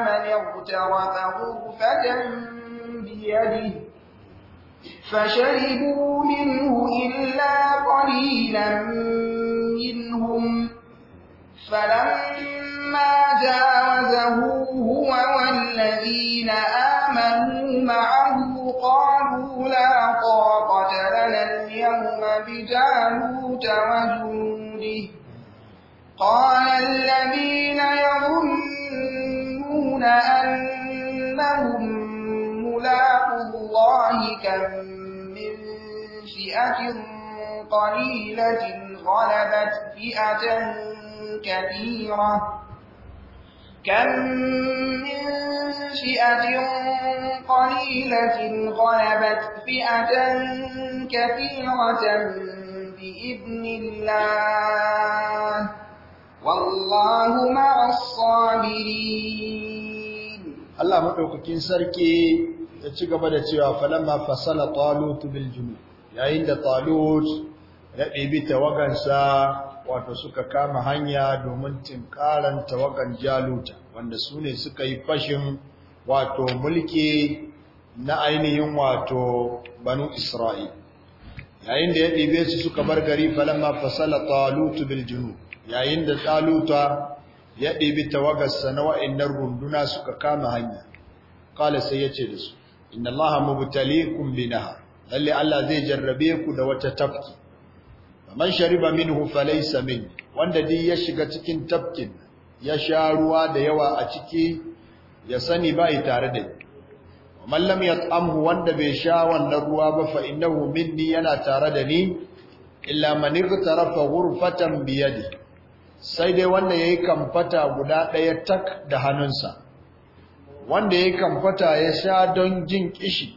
من اغترف غرفة بيده فشربوا منه إلا قليلا منهم فلما جاوزه هو والذين آمنوا معه قالوا لا طاقة لنا اليوم بجانوت وجنوده قال الذين أنهم ملاقوا الله كم من فئة قليلة غلبت فئة كثيرة كم من فئة قليلة غلبت فئة كثيرة بإذن الله والله مع الصابرين Allah madaukakin sarki ya ci gaba da cewa falamma fasala talut bil junud yayin da talut ya tawagan tawagansa wato suka kama hanya domin tinkaran tawagan jaluta wanda sune suka yi fashin wato mulki na ainihin wato banu isra'il yayin da ya ɗebe su suka bar gari falamma fasala talut bil junud yayin da taluta ya ɗebi tawagarsa na wa'innan runduna suka kama hanya ƙala sai ya ce da su inna allaha mubtaliikum bi ha? lalle allah zai jarrabe ku da wata tafki man shariba min hufalai samin, wanda dai ya shiga cikin tafkin ya sha ruwa da yawa a ciki ya sani yi tare da Mallam ya tsamhu wanda bai sha wannan ruwa ba fa innahu minni yana tare da ni illa manir tarafa wurfatan biyadi. sai dai wanda ya yi kamfata guda ɗaya tak da hannunsa wanda ya yi kamfata ya sha don jin kishi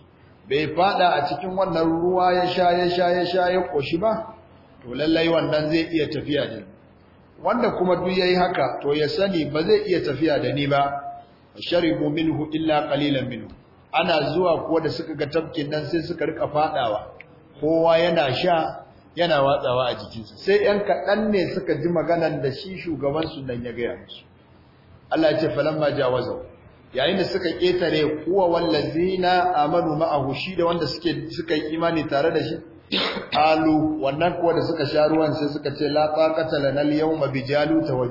bai fada a cikin wannan ruwa ya sha ya sha ya sha ya koshi ba to lallai wannan zai iya tafiya ne wanda kuma duk yi haka to ya sani ba zai iya tafiya da ni ba sharibu minhu illa qalilan minhu ana zuwa kuwa da suka ga tafkin nan sai suka rika fadawa kowa yana sha yana watsawa a jikinsu sai ‘yan kaɗan ne suka ji maganan da shi shugabansu nan ya gaya musu Allah ce falamma jawazau yayin da suka ƙetare kuwa wallazina amanu ma'ahu shi da wanda suke suka yi imani tare da shi alu wannan kuwa da suka sha ruwan sai suka ce la taqata lana al-yawma bi jaluta wa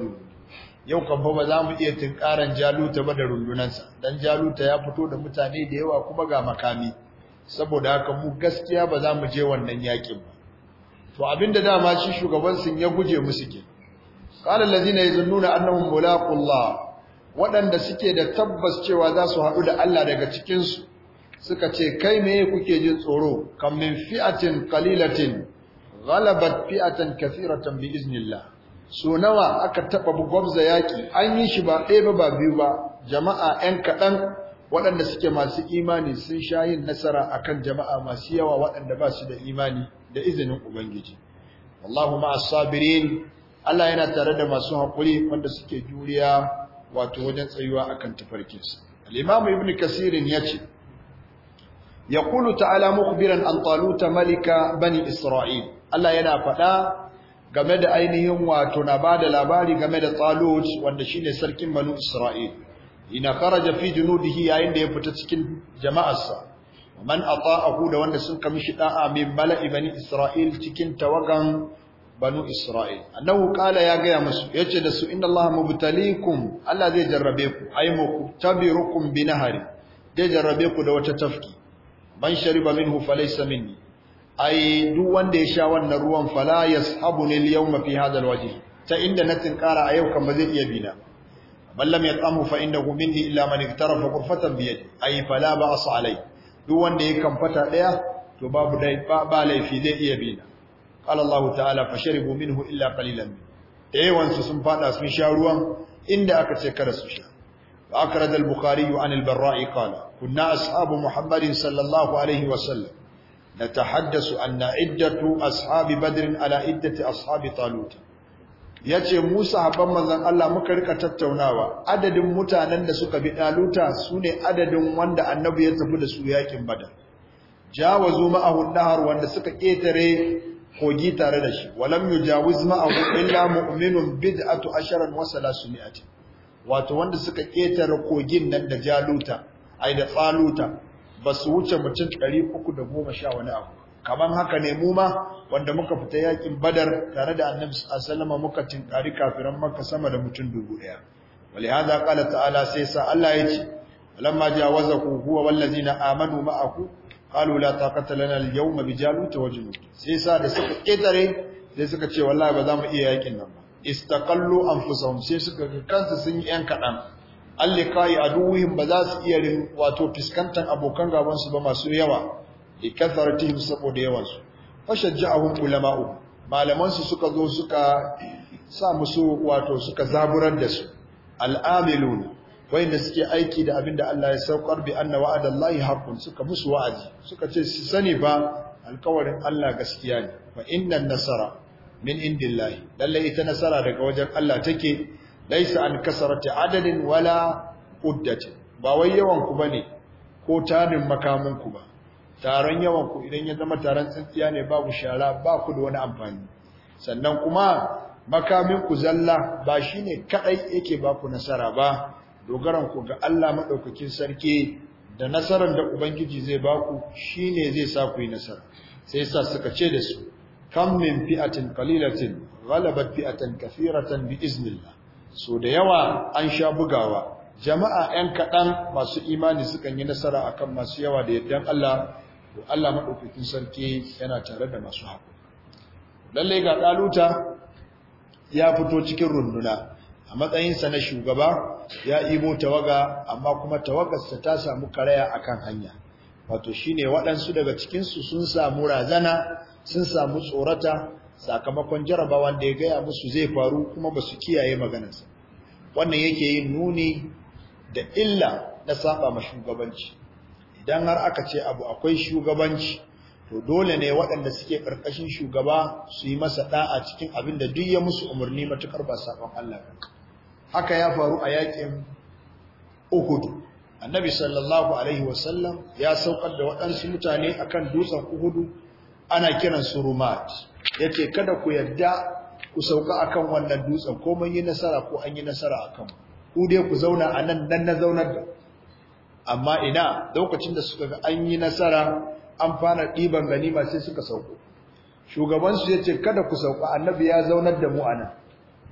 yau kan ba za mu iya tinkaran jaluta ba da rundunansa dan jaluta ya fito da mutane da yawa kuma ga makami saboda haka mu gaskiya ba za mu je wannan yakin ba to abinda dama shi shugaban sun ya guje musu ke qala allazina yazunnuna annahum mulaqullah waɗanda suke da tabbas cewa za su haɗu da Allah daga cikinsu suka ce kai me kuke jin tsoro kam min fi'atin qalilatin ghalabat fi'atan kathiratan bi iznillah so nawa aka taba gwabza yaki an yi shi ba ɗaya ba biyu ba jama'a 'yan kaɗan waɗanda suke masu imani sun sha yin nasara akan jama'a masu yawa waɗanda ba su da imani da izinin ubangiji wallahu ma'as sabirin Allah yana tare da masu haƙuri wanda suke juriya wato wajen tsayuwa akan kan tafarkinsu. Al’imamu ibn ya yace ta ta'ala biran an taluta malika bani isra'il Allah yana faɗa game da ainihin wato na ba da labari game da talut wanda shi ne sarkin banu isra'il ina kharaja fi junudihi yayin da ya fita cikin jama'arsa man ata'ahu da wanda sun shi da'a min mala'i bani isra'il cikin tawagan banu isra'il annahu qala ya gaya musu yace da su inna allaha mubtalikum allah zai jarrabe ku ay muktabirukum bi nahari zai jarrabe ku da wata tafki man shariba minhu falaysa minni ai duk wanda ya sha wannan ruwan fala yashabuni al-yawma fi hadha al-wajh ta inda na tinkara a yau kan ba zai iya bina Mallam ya yat'amhu fa innahu minni illa man iktarafa ghurfatan bi yadi ay fala ba'as alai duk wanda ya fata daya to babu laifi zai iya bina qala fashe ta'ala fasharibu minhu illa qalilan yawan su sun faɗa sun sha ruwan inda aka ce kada su sha أكرد البخاري عن البراء قال كنا أصحاب محمد صلى الله عليه وسلم نتحدث أن عدة أصحاب بدر على عدة أصحاب طالوت ya ce musa haɓar manzan Allah muka rika tattaunawa adadin mutanen da suka bi ɗaluta su ne adadin wanda annabi ya tafi da su yakin badar jawazu ma'ahu nahar wanda suka ƙetare kogi tare da shi walam yujawiz ma'ahu illa mu'minun bid'atu asharan wa salasumi'atin wato wanda suka ƙetare kogin nan da jaluta ai da tsaluta ba su wuce mutum sha wani abu kamar haka ne mu ma wanda muka fita yakin badar tare da annabi sallama muka tinkari kafiran makka sama da mutum dubu daya walihada qala ta'ala sai sa Allah ya yace lamma jawazaku huwa wallazina amanu ma'aku qalu la taqata lana al-yawma bi jalut wa junud sai sa da suka ketare sai suka ce wallahi ba za mu iya yakin nan ba istaqallu anfusahum sai suka ga kansu sun yi yan kadan allikai aduwihim ba za su iya wato fiskantar abokan gaban su ba masu yawa ikatharatihim saboda yawan su fashajja'ahum ulama'u malaman su suka zo suka sa musu wato suka zaburar da su Wai wayanda suke aiki da abinda Allah ya saukar bi anna wa'adallahi haqqun suka musu wa'azi suka ce su sani ba alkawarin Allah gaskiya ne fa innan nasara min indillahi lalle ita nasara daga wajen Allah take laisa an kasarati adadin wala uddati ba wai yawan ku bane ko tarin makamin ku ba taron yawan ku idan ya zama taron tsintsiya ne babu shara ba ku da wani amfani sannan kuma makamin ku zalla ba shine kadai yake ba ku nasara ba dogaran ku ga Allah madaukakin sarki da nasaran da ubangiji zai ba ku shine zai sa ku yi nasara sai sa suka ce da su kam min fi'atin qalilatin ghalabat fi'atan kathiratan bi iznillah so da yawa an sha bugawa jama'a 'yan kaɗan masu imani sukan yi nasara akan masu yawa da yaddan Allah to Allah maɗaukakin sarki yana tare da masu haƙuri lalle ga ɗaluta ya fito cikin runduna a matsayinsa na shugaba ya ibo tawaga amma kuma tawagarsa ta samu karaya akan hanya wato shine waɗansu daga cikinsu sun samu razana sun samu tsorata sakamakon jarabawan da ya gaya musu zai faru kuma ba su kiyaye maganarsa wannan yake yin nuni da illa na saba ma shugabanci idan har aka ce abu akwai shugabanci to dole ne waɗanda suke ƙarƙashin shugaba su yi masa ɗa'a cikin abin da duk ya musu umarni matuƙar ba saƙon Allah haka ya faru a yaƙin Uhudu annabi sallallahu alaihi wasallam ya saukar da waɗansu mutane akan dutsen Uhudu ana kiran su Rumat yace kada ku yarda ku sauka akan wannan dutsen ko mun yi nasara ko an yi nasara akan ku dai ku zauna a nan nan na zaunar da ku amma ina lokacin da suka an yi nasara an fara ɗiban ganima sai suka sauko shugabansu ya ce kada ku sauko annabi ya zaunar da mu anan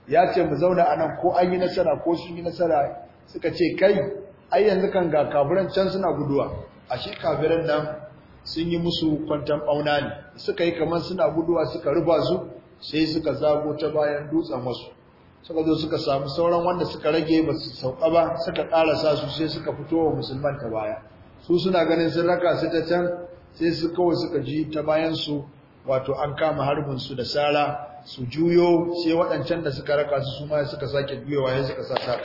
ya ce mu zauna anan ko an yi nasara ko sun yi nasara suka ce kai ai yanzu kan ga kafiran can suna guduwa ashe kafiran nan sun yi musu kwantan ɓauna ne suka yi kamar suna guduwa suka rufa su sai suka zago ta bayan dutsen wasu suka zo suka samu sauran wanda suka rage ba su sauka ba suka karasa su sai suka fito wa musulman ta baya su suna ganin sun raka su ta can sai su kawai suka ji ta bayan su wato an kama harbin su da sara su juyo sai waɗancan da suka raka su suma suka sake juyowa ya suka sa sa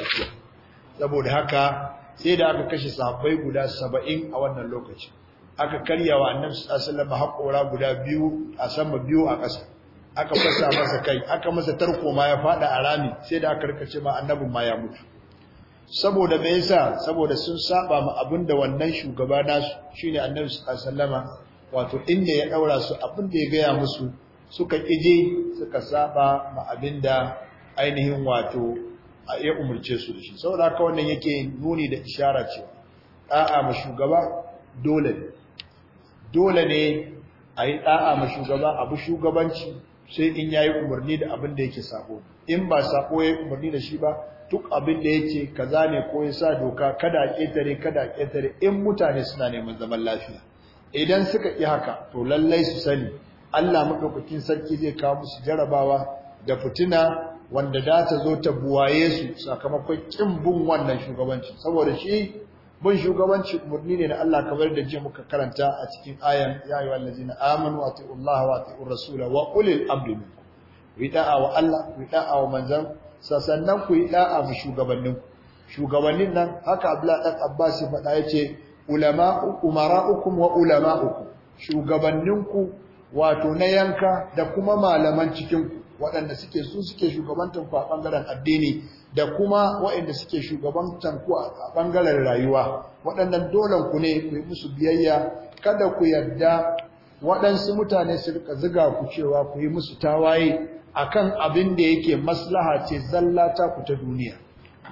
saboda haka sai da aka kashe sahabbai guda saba'in a wannan lokaci aka karyawa annabi sallallahu alaihi wasallam haƙora guda biyu a sama biyu a ƙasa aka fasa masa kai aka masa tarko ma ya fada a rami sai da aka rikace ma annabin ma ya mutu saboda me yasa saboda sun saba ma abinda wannan shugaba nasu shine annabi sallama wato inda ya daura su abinda ya gaya musu suka kije suka saba ma abinda ainihin wato a iya umurce su da shi saboda haka wannan yake nuni da ishara ce, da'a ma shugaba dole ne dole ne a yi da'a ma shugaba abu shugabanci sai in yayi umarni da abin da yake sako, in ba sako yayi umarni da shi ba duk abin da yake kaza ne ko sa doka kada a ketare kada a ketare in mutane suna neman zaman lafiya idan suka yi haka to lallai su sani Allah madaukakin sarki zai kawo musu jarabawa da fitina wanda da ta zo ta buwaye su sakamakon kin bin wannan shugabanci saboda shi bin shugabanci murni ne na Allah kamar da je muka karanta a cikin ayan ya ayyuhal ladzina amanu wa atiullaha wa atiur rasula wa ulil amri minkum yi wa Allah yi da'a wa manzan sannan ku yi da'a mu shugabannin shugabannin nan haka Abdullah dan Abbas ya faɗa yace ulama'u umara'ukum wa ulama'ukum shugabanninku wato na yanka da kuma malaman ku. waɗanda suke su suke shugabantanku ku a ɓangaren addini da kuma waɗanda suke shugabantan ku a ɓangaren rayuwa waɗannan dolan ku ne ku yi musu biyayya kada ku yarda waɗansu mutane su rika ziga ku cewa ku yi musu tawaye akan abin da yake maslaha ce zallata ku ta duniya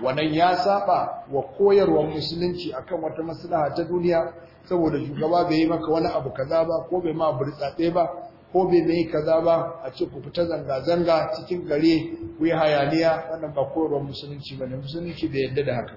wannan ya saba wa koyarwar musulunci akan wata maslaha ta duniya saboda shugaba bai yi maka wani abu kaza ba ko bai ma burtsatse ba ko bai mai kaza ba a ce ku fita zanga-zanga cikin gare ku yi hayaniya wannan ba koyarwar musulunci ba ne musulunci bai yadda da haka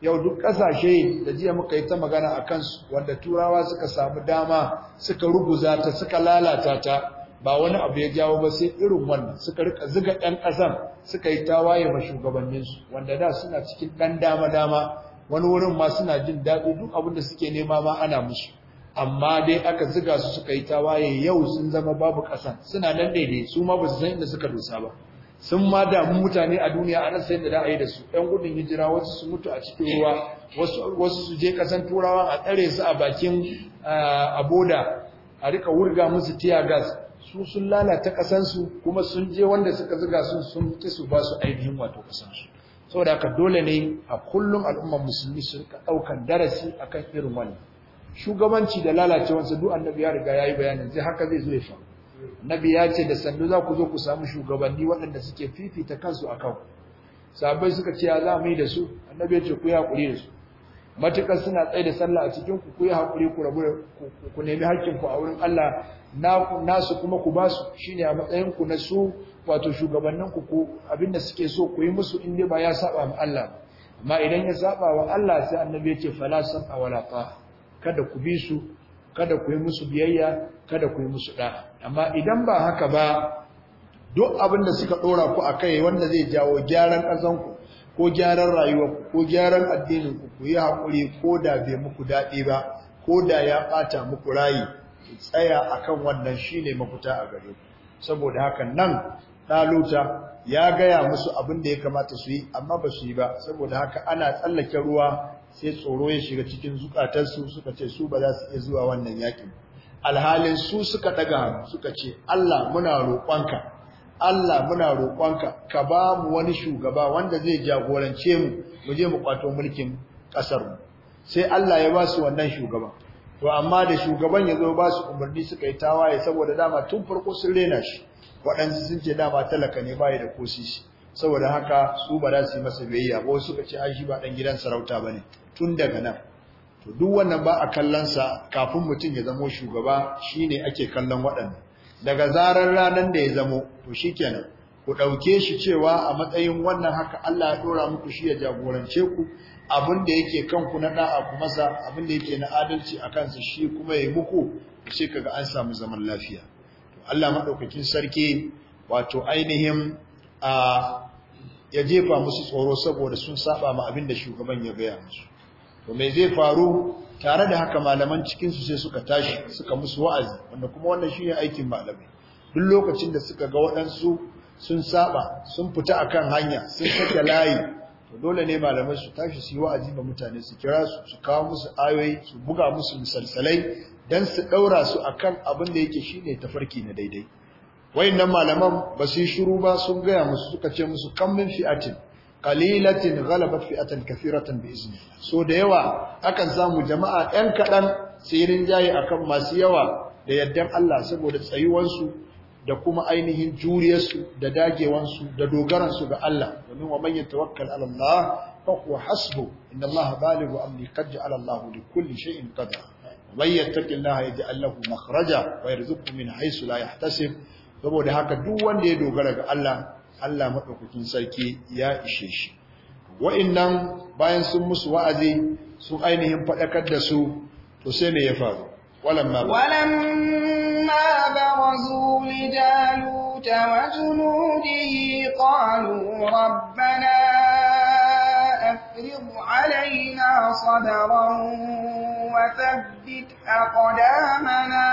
yau duk ƙasashe da jiya muka yi ta magana a kansu wanda turawa suka samu dama suka ruguza ta suka lalata ta ba wani abu ya jawo ba sai irin wannan suka rika ziga ɗan ƙasan suka yi tawaye ma shugabanninsu wanda da suna cikin ɗan dama-dama wani wurin ma suna jin daɗi duk abin da suke nema ma ana musu amma dai aka zuga su suka yi ta waye yau sun zama babu ƙasan, suna nan daidai su ma ba su san inda suka dosa ba sun ma damu mutane a duniya a rasa yadda za a yi da su ɗan gudun hijira wasu su mutu a cikin ruwa wasu su je ƙasan turawa a tsare su a bakin eh, aboda a rika wurga musu tiya gas su sun lalata ƙasansu kuma sun je wanda suka ziga sun sun ci su ba su ainihin wato ƙasansu saboda haka dole ne a kullum al'umman musulmi su rika ɗaukan darasi akan irin wannan shugabanci da lalacewansa duk annabi ya riga yayi bayanin sai haka zai zo ya faru annabi ya ce da sandu za ku zo ku samu shugabanni waɗanda suke fifita kansu a ku sahabbai suka ce ya za mu yi da su annabi ya ce ku yi hakuri da su matukar suna tsaye da sallah a cikin ku ku yi hakuri ku rabu ku nemi hakkin ku a wurin Allah nasu kuma ku basu shine a matsayin ku na su wato shugabannin ku ko abinda suke so ku yi musu in dai ba ya saba ma Allah amma idan ya saba wa Allah sai annabi ya ce fala sab'a awala ta'a kada ku bi su kada ku yi musu biyayya kada ku yi musu da amma idan ba haka ba duk abin da suka ɗora ku a kai wanda zai jawo gyaran ƙasanku ko gyaran rayuwarku ko gyaran addininku ku yi haƙuri ko da bai muku daɗi ba ko da ya ɓata muku rayi tsaya akan wannan shine mafita a gare ku saboda haka nan ɗaluta ya gaya musu abin da ya kamata su yi amma ba su yi ba saboda haka ana tsallake ruwa sai tsoro ya shiga cikin zukatarsu suka ce su ba za su iya zuwa wannan yakin alhalin su suka daga suka ce Allah muna roƙonka Allah muna roƙonka ka ba mu wani shugaba wanda zai jagorance mu mu je mu kwato mulkin ƙasar mu sai Allah ya ba su wannan shugaban to amma da shugaban ya zo ba su umarni suka yi tawaye saboda dama tun farko sun rena shi waɗansu sun ce dama talaka ne bai da kosishi saboda haka su ba za su yi masa biyayya ba suka ce ai shi ba dan gidan sarauta bane tun daga nan to duk wannan ba a kallon kafin mutum ya zamo shugaba shine ake kallon waɗannan daga zarar ranar da ya zamo to shikenan ku ɗauke shi cewa a matsayin wannan haka Allah ya ɗora muku shi ya jagorance ku abin da yake kanku na ɗa'a ku masa abin da yake na adalci a kansa shi kuma ya yi muku shi kaga an samu zaman lafiya to Allah maɗaukakin sarki wato ainihin a ya jefa musu tsoro saboda sun saba ma abin da shugaban ya gaya musu to me zai faru tare da haka malaman cikin su sai suka tashi suka musu wa'azi wanda kuma wannan shine aikin malamai duk lokacin da suka ga waɗansu sun saba sun fita akan hanya sun saka layi to dole ne malamai su tashi su yi wa'azi ba mutane su kira su su kawo musu ayoyi su buga musu misalsalai dan su daura su akan abin da yake shine tafarki na daidai wayannan malaman ba su yi shiru ba sun gaya musu suka ce musu kam min fi'atin qalilatin ghalabat fi'atan kathiratan bi izni so da yawa akan samu jama'a ɗan kaɗan sirrin jayi akan masu yawa da yaddan Allah saboda tsayuwansu da kuma ainihin juriyarsu da dagewansu da dogaransu ga Allah domin wa man yatawakkal ala Allah fa huwa hasbu inna Allah balighu amri qad ja'ala Allah li kulli shay'in qadra ومن يتق الله يجعل wa مخرجا ويرزقه من حيث لا يحتسب saboda haka duk wanda ya dogara ga Allah Allah madaukakin sarki ya ishe shi wa'annan bayan sun musu wa'azi sun ainihin fadakar da su to sai me ya faru walamma walamma barazu lijalut wa junudihi qalu rabbana afrigh alaina sadran wa thabbit aqdamana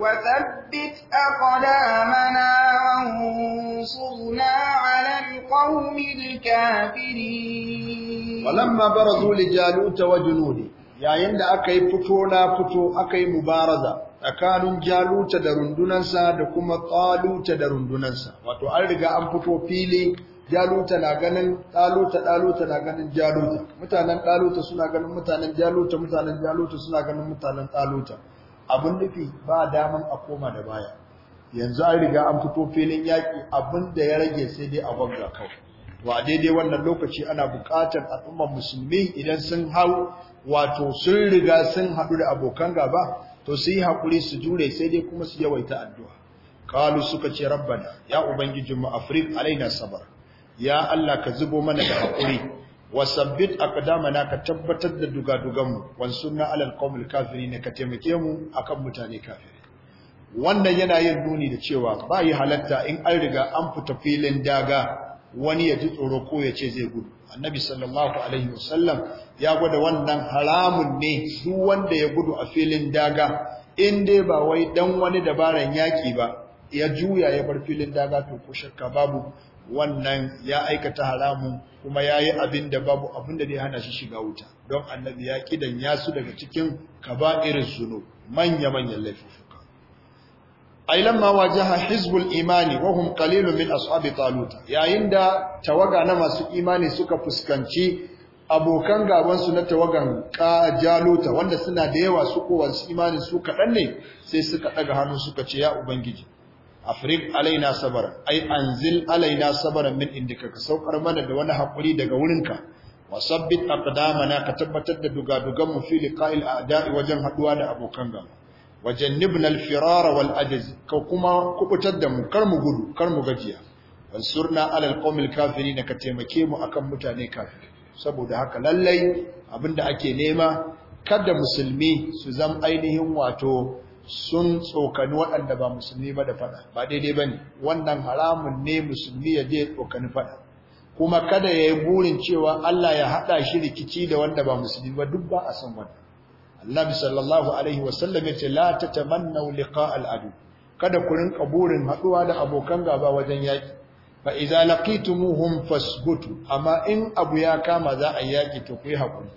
wa thabbit ثبت أقدامنا وانصرنا على القوم الكافرين ولما برزوا لجالوت وجنوده yayin da aka yi fito na aka yi mubaraza tsakanin jaluta da rundunansa da kuma tsaluta da rundunarsa. wato an riga an fito fili jaluta na ganin ɗaluta ɗaluta na ganin jaluta mutanen ɗaluta suna ganin mutanen jaluta mutanen jaluta suna ganin mutanen ɗaluta abin nufi ba daman a koma da baya yanzu an riga an fito filin yaƙi abin da ya rage sai dai a gwamna kawai wa daidai wannan lokaci ana buƙatar al'ummar musulmi idan sun hau wato sun riga sun haɗu da abokan gaba to su yi haƙuri su jure sai dai kuma su yawaita addu'a kalu suka ce rabbana ya ubangijinmu afrik alaina sabar ya Allah ka zubo mana da haƙuri a Kadamana ka tabbatar da dugaduganmu wansunna alal qawmil kafirin ka taimake mu akan mutane kafiri wannan yana yin nuni da cewa ba yi halatta in an riga an fita filin daga wani ya ji tsoro ko ya ce zai gudu annabi sallallahu alaihi wasallam ya gwada wannan haramun ne duk wanda ya gudu a filin daga in dai ba wai dan wani dabaran yaki ba ya juya ya bar filin daga to ko shakka babu wannan ya aikata haramun kuma ya yi abin da babu abin da zai hana shi shiga wuta don annabi ya kidan ya su daga cikin kaba'irin zuno manya-manyan laifuffuka ailan ma wajaha hizbul imani wa hum qalilun min ashabi taluta yayin da tawaga na masu imani suka fuskanci abokan gaban su na tawagan jaluta wanda suna da yawa su kowa su imani su kaɗan ne sai suka ɗaga hannu suka ce ya ubangiji afrik alaina sabara ai anzil alaina sabara min indika ka saukar mana da wani hakuri daga wurinka wa sabbit aqdamana ka tabbatar da dugadugan mu fi liqa'il a'da'i wajen haduwa da abokan gaba nibna al-firara wal ajz ka kuma kubutar da mu kar mu gudu kar mu gajiya wansurna alal qawmil kafirin ka taimake mu akan mutane kafiri saboda haka lallai abinda ake nema kada musulmi su zama ainihin wato sun tsokani waɗanda ba musulmi ba da fada ba daidai ba ne wannan haramun ne musulmi ya je tsokani faɗa. kuma kada ya yi burin cewa Allah ya haɗa shi rikici da wanda ba musulmi ba duk ba a san wani. Allah sallallahu alaihi wasallam ya ce la tatamannu liqa al-adu kada ku rinka burin haɗuwa da abokan gaba wajen yaki fa idza laqitumuhum fasbutu amma in abu ya kama za a yaki to ku yi haƙuri.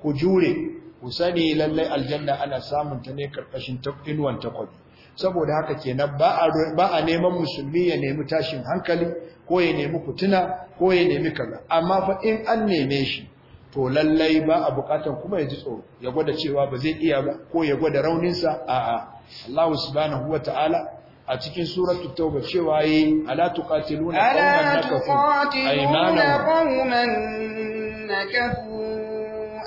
ku jure ku sani lallai aljanna ana samun ta ne karkashin inuwan takwabi saboda haka kenan ba a ba a neman musulmi ya nemi tashin hankali ko ya nemi kutuna ko ya nemi kaza amma fa in an neme shi to lallai ba a bukatan kuma ya ji tsoro ya gwada cewa ba zai iya ba ko ya gwada rauninsa a'a Allah subhanahu ta'ala. a cikin suratu tauba cewa yi ala tuqatiluna qauman nakafu aymanahum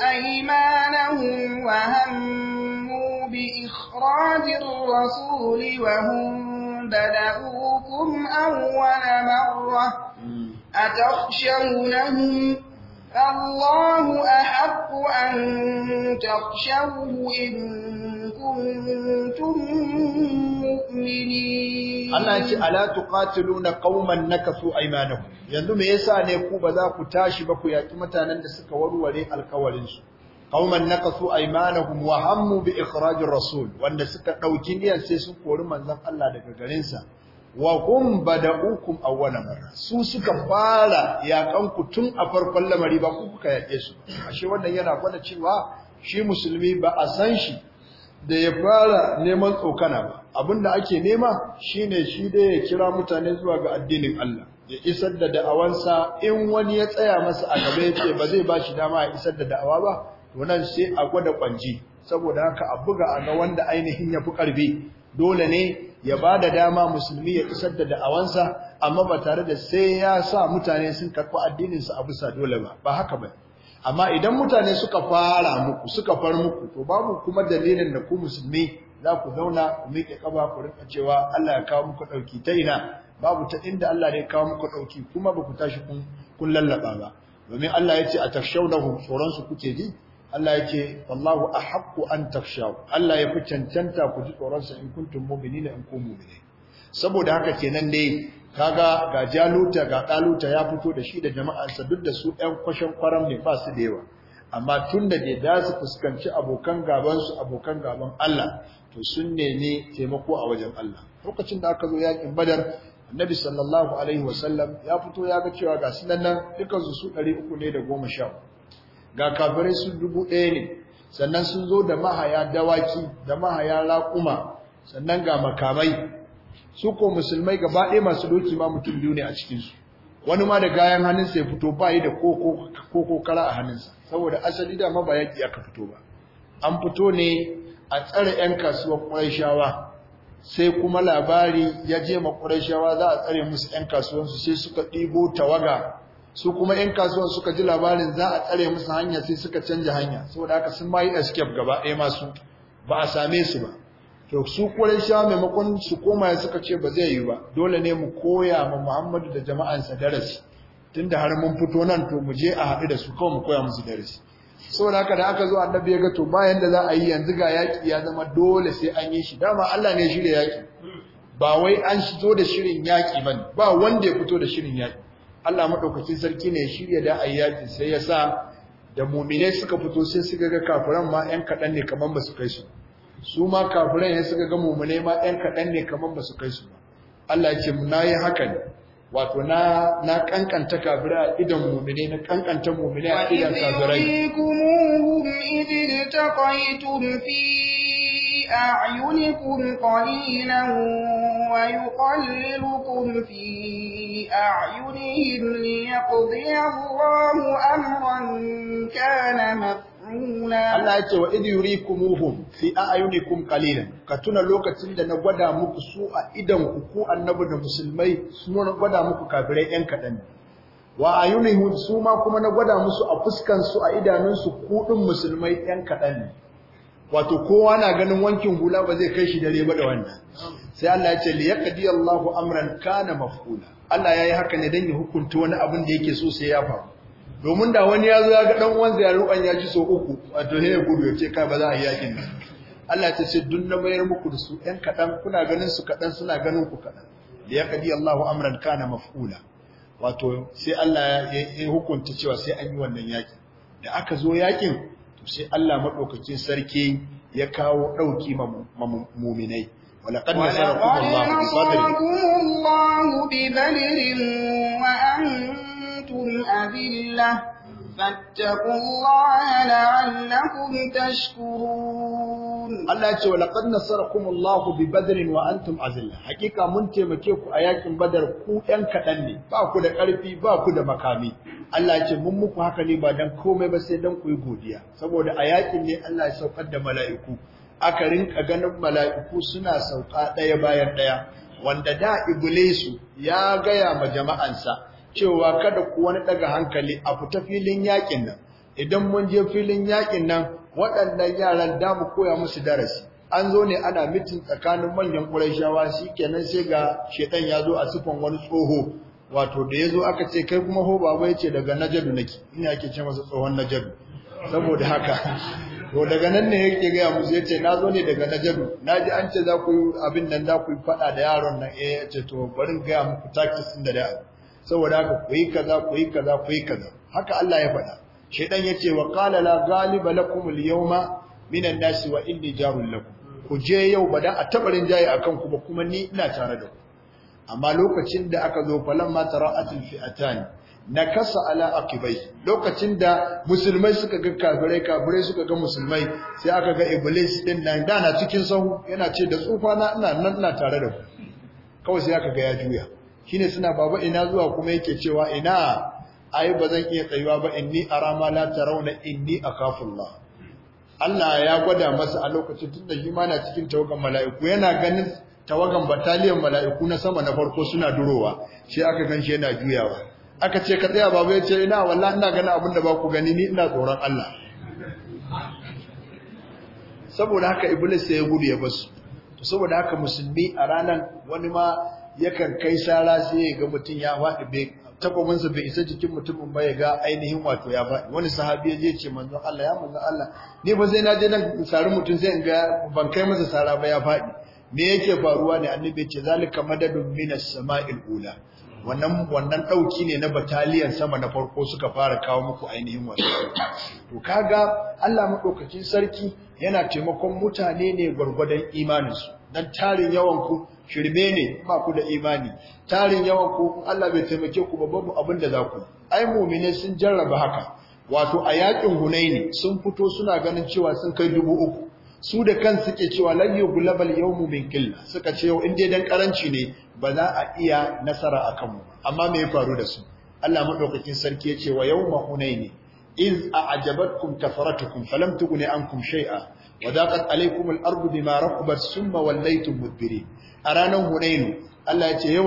أيمانهم وهموا بإخراج الرسول وهم بدأوكم أول مرة أتخشونهم فالله أحق أن تخشوه إن كنتم mu'minin Allah ya ce ala tuqatiluna qauman nakasu aymanahum yanzu me yasa ne ku ba za ku tashi ba ku yaki mutanen da suka warware alkawarin su qauman nakasu aymanahum wa hammu bi ikhrajir rasul wanda suka dauki niyyar sai sun kori manzon Allah daga garin sa wa hum bada'ukum awwala marra su suka fara yakan ku tun a farkon lamari ba ku kuka yake su ashe wannan yana gwada cewa shi musulmi ba a san shi da ya fara neman tsokana ba abin da ake nema shine shi da ya kira mutane zuwa ga addinin Allah ya isar da da'awansa in wani ya tsaya masa a gaba yace ba zai bashi dama ya isar da da'awa ba To nan sai a gwada kwanji saboda haka a buga a ga wanda ainihin ya fi karbi dole ne ya ba da dama musulmi ya isar da da'awansa amma ba tare da sai ya sa mutane sun karɓi addininsa a bisa dole ba ba haka ba amma idan mutane suka fara muku suka far muku to babu kuma dalilin da ku musulmi za ku zauna ku miƙe ƙafa ku rinka cewa Allah ya kawo muku ɗauki ta ina babu ta inda Allah ne ya kawo muku ɗauki kuma ba ku tashi kun lallaɓa ba domin Allah ya ce a da tsoron su kuke ji Allah ya ce wallahu ahaqqu an takshaw Allah ya fi cancanta ku ji tsoron sa in kuntum mu'minina in kuntum mu'minin saboda haka kenan dai kaga ga jaluta ga ɗaluta ya fito da shi da jama'arsa duk da su ɗan kwashen kwaran ne ba su da yawa amma tun da da su fuskanci abokan gabansu abokan gaban Allah to sun nemi taimako a wajen Allah lokacin da aka zo yakin badar annabi sallallahu alaihi wasallam ya fito ya ga cewa ga sunan nan dukan su su 300 ne da sha. ga kafirai su dubu ɗaya ne sannan sun zo da mahaya dawaki da mahaya raƙuma sannan ga makamai su ko musulmai gaba ɗaya masu doki ma mutum biyu ne a cikinsu wani ma da gayan hannunsa ya fito ba yi da koko kara a hannunsa saboda asali dama ba yaƙi aka fito ba an fito ne a tsare 'yan kasuwar ƙwarishawa sai kuma labari ya je ma ƙwarishawa za a tsare musu 'yan kasuwansu sai suka ɗibo tawaga su kuma 'yan kasuwan suka ji labarin za a tsare musu hanya sai suka canja hanya saboda haka sun ma yi escape gaba ɗaya masu ba a same su ba to su sha maimakon su koma ya suka ce ba zai yi ba dole ne mu koya ma Muhammadu da jama'ansa darasi tunda har mun fito nan to mu je a haɗu da su kawai mu koya musu darasi saboda haka da aka zo annabi ya ga to bayan da za a yi yanzu ga yaki ya zama dole sai an yi shi dama Allah ne shirya yaki ba wai an zo da shirin yaki bane ba wanda ya fito da shirin yaki Allah madaukakin sarki ne ya shirya da yi yaki sai ya sa da mu'minai suka fito sai suka ga kafuran ma 'yan kaɗan ne kamar ba su kai su su ma kafiran ya suka ga mummune ma ɗan kaɗan ne kamar ba su kai su ba Allah ya ce na yi haka ne wato na na kankanta kafira a idan muminai, na kankanta muminai a idan kafirai kumuhum idin taqaytum fi a'yunikum qalilan wa yuqallilukum fi a'yunihim liyaqdi Allahu amran kana Allah ya ce wa idh yurikumuhum fi kuma qalilan ka tuna lokacin da na gwada muku su a idan ku annabu da musulmai sun na gwada muku kafirai yan kaɗan wa a'yunihum su ma kuma na gwada musu a fuskan su a idanunsu kuɗin musulmai yan kaɗan wato kowa na ganin wankin hula ba zai kai shi dare ba da wannan sai Allah ya ce liyakadi Allahu amran kana maf'ula Allah yi haka ne dan ya hukunta wani abin da yake so sai ya domin da wani ya zo ya ga dan uwan ya ruban ya ji so uku wato ya gudu ya ce kai ba za a yi yakin nan Allah ta ce dun na mayar muku da su ɗan kaɗan kuna ganin su kaɗan suna ganin ku kaɗan da ya kadi Allahu amran kana maf'ula wato sai Allah ya hukunta cewa sai an yi wannan yakin da aka zo yakin to sai Allah madaukakin sarki ya kawo dauki mu'minai ولقد نصركم الله ببدر الْأَذِلَّةِ فَاتَّقُوا اللَّهَ لَعَلَّكُمْ تَشْكُرُونَ Allah ya ce wa laqad nasarakum bi Badr wa antum azilla hakika mun taimake ku a yakin Badar ku ɗan kaɗan ne ba ku da ƙarfi ba ku da makami Allah ya ce muku haka ne ba dan komai ba sai dan ku godiya saboda a yakin ne Allah ya saukar da mala'iku aka rinka ganin mala'iku suna sauka ɗaya bayan ɗaya wanda da Iblisu ya gaya ma jama'an sa. cewa kada ku wani daga hankali a fita filin yakin nan idan mun je filin yakin nan waɗannan yaran da mu koya musu darasi an zo ne ana mitin tsakanin manyan ƙurayshawa kenan sai ga shedan ya zo a sifan wani tsoho wato da ya zo aka ce kai kuma ho baba yace daga najadu nake ina yake ce masa tsohon najadu saboda haka to daga nan ne yake gaya musu ya ce na zo ne daga najadu na ji an ce za ku yi abin nan za ku yi faɗa da yaron nan eh ya ce to bari gaya muku taki sun da da saboda haka ku yi kaza ku yi kaza ku yi kaza haka Allah ya faɗa shedan yace wa qala la ghaliba lakum al-yawma minan nasi wa inni jarul lakum ku je yau ba da, a tabarin jayi akan ku ba kuma ni ina tare da ku amma lokacin da aka zo falan ma tara'atul fi'atan nakasa ala aqibai lokacin da musulmai suka ga kafirai kafirai suka ga musulmai sai aka ga iblis din nan da na cikin sahu yana ce da tsufa na ina nan ina tare da ku kawai sai aka ga ya juya shine suna baba ina zuwa kuma yake cewa ina ai ba zan iya tsayuwa ba inni arama la tarawna inni akhafullah Allah ya gwada masa a lokacin tunda shi ma na cikin tawagan mala'iku yana ganin tawagan bataliyan mala'iku na sama na farko suna durowa sai aka shi yana juyawa aka ce ka tsaya baba yace ina wallahi ina ganin abin da ba ku gani ni ina tsoron Allah saboda haka iblis sai ya gudu ya basu saboda haka musulmi a ranan wani ma yakan kai sara sai ya ga mutum ya faɗi bai takwabinsa bai isa jikin mutumin ba ya ga ainihin wato ya faɗi wani sahabi ya je ce manzon Allah ya manzon Allah ni ba sai na je nan sari mutum sai in ga ban kai masa sara ba ya faɗi me yake faruwa ne annabi ce zalika madadun minas sama'il ula wannan wannan dauki ne na bataliyan sama na farko suka fara kawo muku ainihin wato to kaga Allah madaukakin sarki yana taimakon mutane ne gurgurdan imaninsu dan tarin yawan ku shirme ne ba ku da imani tarin yawan ku Allah bai taimake ku ba babu abin da za ku ai mu'mini sun jarraba haka wato a yakin Hunaini sun fito suna ganin cewa sun kai dubu uku su da kan suke cewa lan yughlabal yawmu min killa suka ce yau in dai dan karanci ne ba za a iya nasara akan mu amma me ya faru da su Allah madaukakin sarki ya ce wa yawma Hunaini iz a'jabatkum kasratukum falam tughni ankum shay'a wa daqat alaykum al-ardu bima rahubat summa wallaytum mudbirin a ranar hunainu Allah ya ce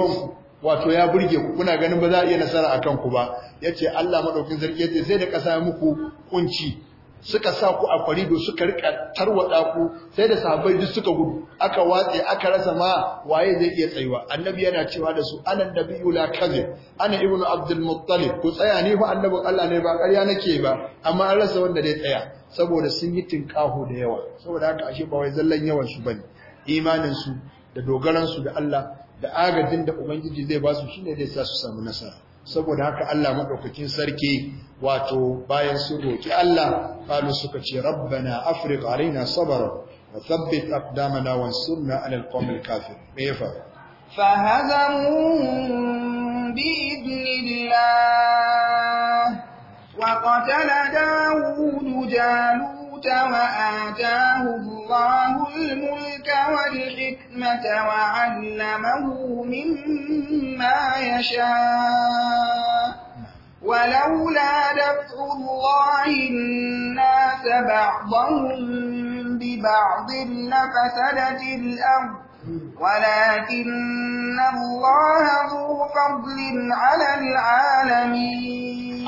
wato ya burge ku kuna ganin ba za a iya nasara akan ku ba yace Allah madaukin sarki yace sai da kasa muku ƙunci. suka sa ku a kwarido suka rika tarwada ku sai da sahabbai duk suka gudu aka watse aka rasa ma waye zai iya tsayuwa annabi yana cewa da su ana nabiyyu la kadhib ana ibnu abdul muttalib ku tsaya ni fa annabi Allah ne ba ƙarya nake ba amma an rasa wanda zai tsaya saboda sun yi tinkaho da yawa saboda haka ashe ba wai zallan yawan su bane imanin su da dogaran su da Allah da agajin da ubangiji zai ba su shine zai sa su samu nasara saboda haka Allah madaukakin sarki wato bayan sun roki Allah kalu suka ce rabbana afriq alaina sabra wa thabbit aqdamana sunna ala alqawmil kafir me ya faru fahazamuhum biidnillah وقتل داود جالوت الموت وآتاه الله الملك والحكمة وعلمه مما يشاء ولولا دفع الله الناس بعضهم ببعض لفسدت الأرض ولكن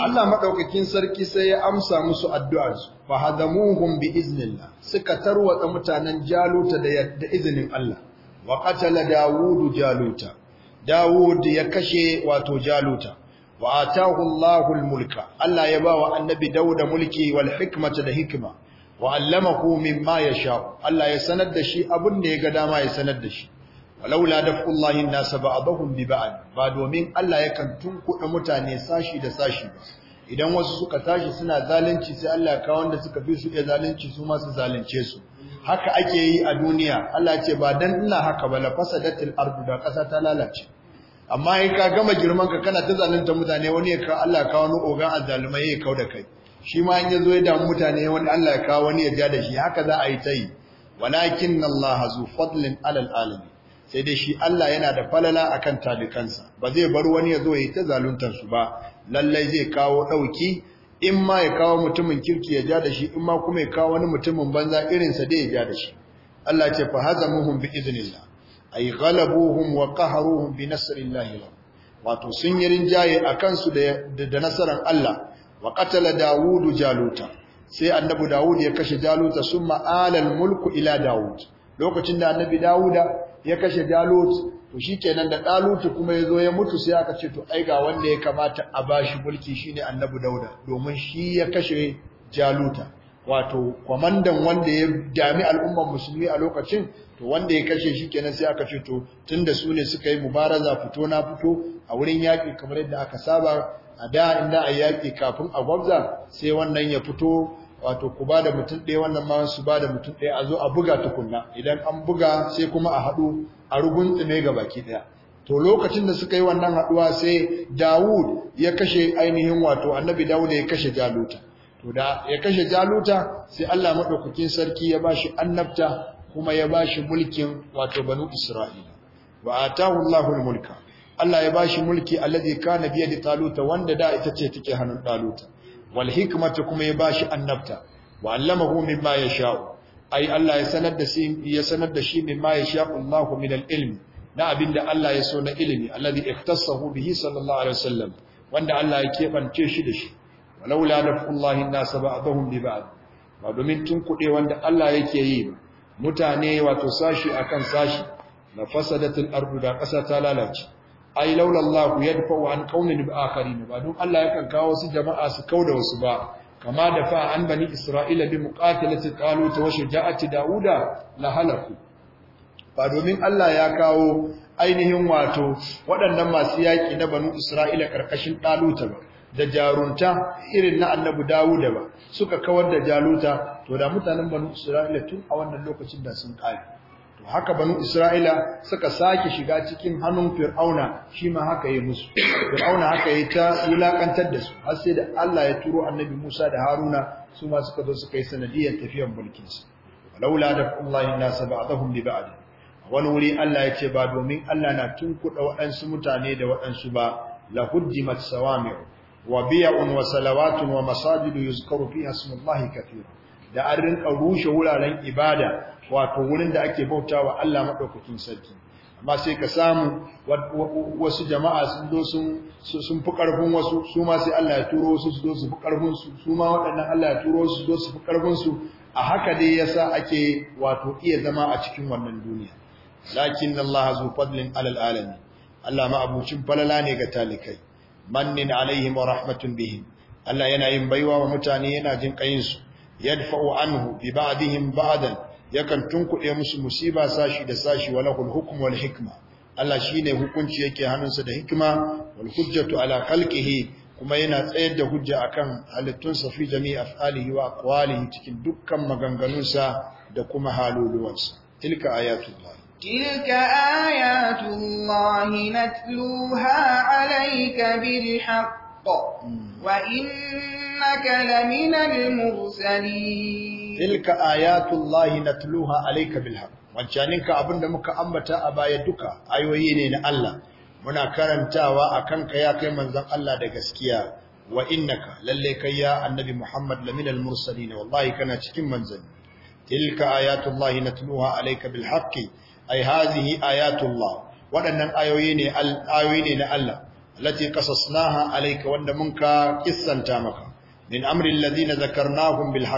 Allah maɗaukakin sarki sai ya amsa musu addu'ar su fa hadamuhum bi iznillah suka tarwata mutanen Jaluta da izinin Allah wa qatala Dawudu Jaluta Dawud ya kashe wato Jaluta wa atahu mulka Allah ya bawa annabi Dawuda mulki wal hikmata da hikma wa allamahu mimma yasha Allah ya sanar da shi abun da ya ga dama ya sanar da shi walaula dafqullahi nasa nas ba'dahum bi ba'd ba domin Allah yakan tunkuɗa mutane sashi da sashi idan wasu suka tashi suna zalunci sai Allah ya wanda suka fi su iya zalunci su ma su zalunce su haka ake yi a duniya Allah ce ba dan ina haka ba la fasadatil ardu da kasa ta lalace amma in ka gama girman ka kana ta zalunta mutane wani ya ka Allah ka wani ogan azzalumai ya kauda kai shi ma in yazo ya damu mutane wani Allah ya kawo wani ya ja da shi haka za a yi ta yi walakin Allah zu fadlin alal alami sai dai shi Allah yana da falala akan talikansa ba zai bar wani ya zo ya yi ta zaluntar su ba lallai zai kawo ɗauki, in ma ya kawo mutumin kirki ya ja da shi in ma kuma ya kawo wani mutumin banza irinsa dai ya ja da shi Allah ce fa hazamuhum bi iznillah ay ghalabuhum wa qaharuhum bi nasrillahi wato sun yi rinjaye akan su da nasarar Allah wa qatala dawudu jaluta sai annabi dawud ya kashe jaluta sun alal mulku ila dawud lokacin da annabi dawuda ya kashe jalut to shikenan da dalutu kuma ya zo ya mutu sai aka ce to ai ga wanda ya kamata a bashi mulki shine annabi dauda domin shi ya kashe jaluta wato kwamandan wanda ya dami al'umman musulmi a lokacin to wanda ya kashe shi kenan sai aka ce to tunda su ne suka yi mubaraza fito na fito a wurin yaki kamar yadda aka saba a da inda a yaƙi kafin a gwabza sai wannan ya fito wato ku ba da mutum ɗaya wannan ma su ba da mutum ɗaya a zo a buga tukunna idan an buga sai kuma a haɗu a rugun tsime ga baki ɗaya to lokacin da suka yi wannan haɗuwa sai Dawud ya kashe ainihin wato annabi Dawud ya kashe Jaluta to da ya kashe Jaluta sai Allah madaukakin sarki ya bashi annabta kuma ya ba shi mulkin wato Banu Isra'ila wa atahu Allahul mulka Allah ya bashi mulki alladhi kana bi yadi taluta wanda da ita ce take hannun taluta wal hikmata kuma ya bashi annabta wa allamahu mimma yasha'u ai Allah ya sanar da shi ya sanar da shi mimma yasha'u Allahu min al-ilm na abinda Allah ya so na ilimi alladhi ikhtassahu bihi sallallahu alaihi wasallam wanda Allah ya kebance shi da shi walaula dafullahi an-nas ba'dahum bi ba'd ba domin tun kuɗe wanda Allah yake yi mutane wato sashi akan sashi na fasadatul ardu da ƙasa ta lalace ai laulallahu yadfa'u an qaumin akharin ba don Allah yakan kawo wasu jama'a su kauda wasu ba kama da fa an bani isra'ila bi muqatilati ta wa shuja'ati dauda la halaku ba domin Allah ya kawo ainihin wato waɗannan masu yaki na banu isra'ila karkashin ɗaluta ba da jarunta irin na annabu dawuda ba suka kawar da jaluta to da mutanen banu isra'ila tun a wannan lokacin da sun kare. to haka banu isra'ila suka sake shiga cikin hannun fir'auna shi ma haka yi musu fir'auna haka yi ta wulakantar da su har sai da Allah ya turo annabi Musa da Haruna su ma suka zo suka yi sanadiyar tafiyar mulkin su laula da Allah nasa ba'dahum li ba'd wani wuri Allah ya ce ba domin Allah na tunkuɗa waɗansu mutane da waɗansu ba la hujjimat sawami'u wa biya'un wa salawatun wa masajidu yuzkaru fiha ismullahi kathira da an rinka rushe wuraren ibada wato wurin da ake bautawa Allah maɗaukakin sarki amma sai ka samu wasu jama'a sun zo sun fi ƙarfin wasu su ma sai Allah ya turo su su zo su fi karfin su su ma waɗannan Allah ya turo su zo su fi karfin su a haka dai yasa ake wato iya zama a cikin wannan duniya lakin Allah zu fadlin alal alami. Allah ma abucin falala ne ga talikai mannin alaihim wa rahmatun bihim Allah yana yin baiwa wa mutane yana jin kayin su yadfa'u anhu bi ba'dihim ba'dan yakan tunkuɗe musu musiba sashi da sashi wala hul hukm wal hikma Allah shine hukunci yake hannunsa da hikima wal hujjatu ala khalqihi kuma yana tsayar da hujja akan halittunsa fi jami'i af'alihi wa aqwalihi cikin dukkan maganganunsa da kuma haluluwansa tilka ayatullah تلك آيات الله نتلوها عليك بالحق وإنك لمن المرسلين tilka ayatullahi natluha alayka bil haqq wancaninka abinda muka ambata a baya duka ayoyi ne na Allah muna karantawa akan ka ya kai manzon Allah da gaskiya wa innaka lalle kai ya annabi Muhammad laminal mursalin wallahi kana cikin manzanni tilka ayatullahi natluha alayka bil haqqi ay hadhihi ayatullah wadannan ayoyi ne ayoyi ne na Allah lati qasasnaha alayka wanda mun ka kissanta maka min amri alladhina zakarnahum bil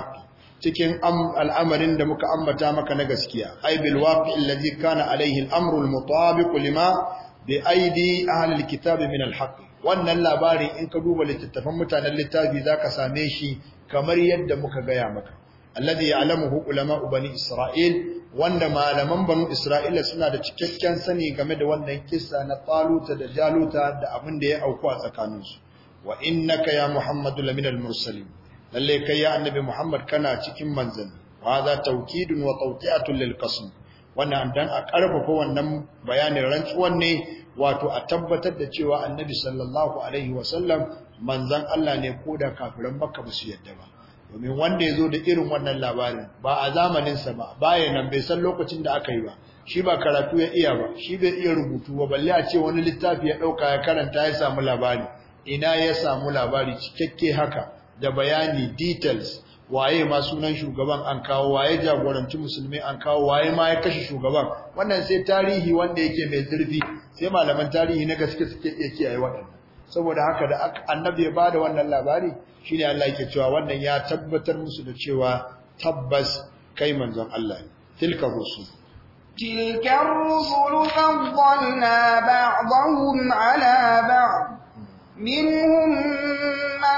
cikin al'amarin da muka ambata maka na gaskiya Aibil bil waqi kana alaihi Amrul amru lima bi aidi ahli al-kitab min al wannan labarin in ka duba littattafan mutanen littafi zaka same shi kamar yadda muka gaya maka ya ya'lamuhu ulama'u ubani isra'il wanda malaman banu isra'ila suna da cikakken sani game da wannan kissa na taluta da jaluta da abin da ya auku a tsakaninsu wa innaka ya muhammadu laminal mursalin lalle kai ya annabi Muhammad kana cikin manzanni wa za tawkidun wa qawti'atun lil qasm wannan dan a karfafa wannan bayanin rantsuwan ne wato a tabbatar da cewa annabi sallallahu alaihi wasallam manzan Allah ne ko da kafiran Makka ba su yadda ba domin wanda ya zo da irin wannan labarin ba a zamaninsa ba baya nan bai san lokacin da aka yi ba shi ba karatu ya iya ba shi bai iya rubutu ba balle a ce wani littafi ya ɗauka ya karanta ya samu labari ina ya samu labari cikakke haka da bayani details waye ma sunan shugaban an kawo waye jagoranci musulmi an kawo waye ma ya kashe shugaban wannan sai tarihi wanda yake mai zurfi sai malaman tarihi na gaske suke iya kiyaye waɗannan saboda haka da annabi ya bada wannan labari shine Allah yake cewa wannan ya tabbatar musu da cewa tabbas kai manzon Allah ne tilka rusul tilka rusul faddalna ba'dahum ala ba'd minhum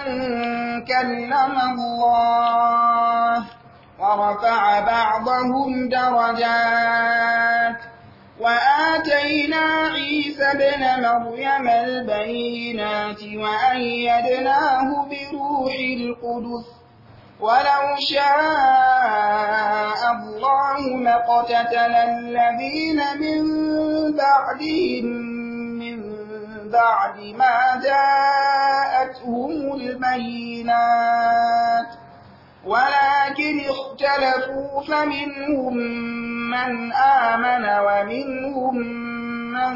أن كلم الله ورفع بعضهم درجات وآتينا عيسى ابن مريم البينات وأيدناه بروح القدس ولو شاء الله مقتتل الذين من بعدهم بعد ما جاءتهم البينات ولكن اختلفوا فمنهم من آمن ومنهم من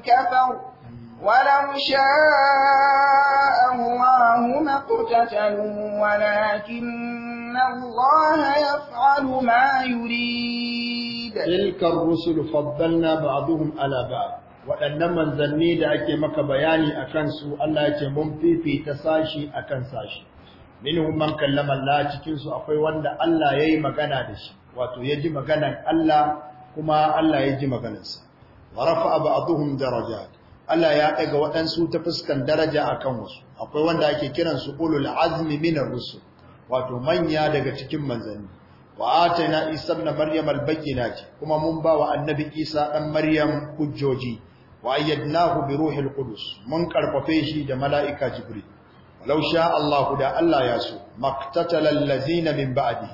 كفر ولو شاء الله ما اقتتلوا ولكن الله يفعل ما يريد تلك الرسل فضلنا بعضهم على بعض waɗannan manzanni da ake maka bayani a kansu Allah ya ce mun fifita sashi a kan sashi minhum man kallama Allah cikinsu akwai wanda Allah ya yi magana da shi wato ya ji maganar Allah kuma Allah ya ji maganarsa abu a duhun daraja. Allah ya ɗaga waɗansu ta fuskan daraja akan wasu akwai wanda ake kiran su ulul azmi minar rusul wato manya daga cikin manzanni wa atayna isa ibn maryam al-bayyinati kuma mun ba wa annabi isa ɗan maryam hujjoji wa ayyadnahu bi ruhil qudus mun karfafe shi da mala'ika jibril law Allahu, da Allah ya so maktatala allazina min ba'di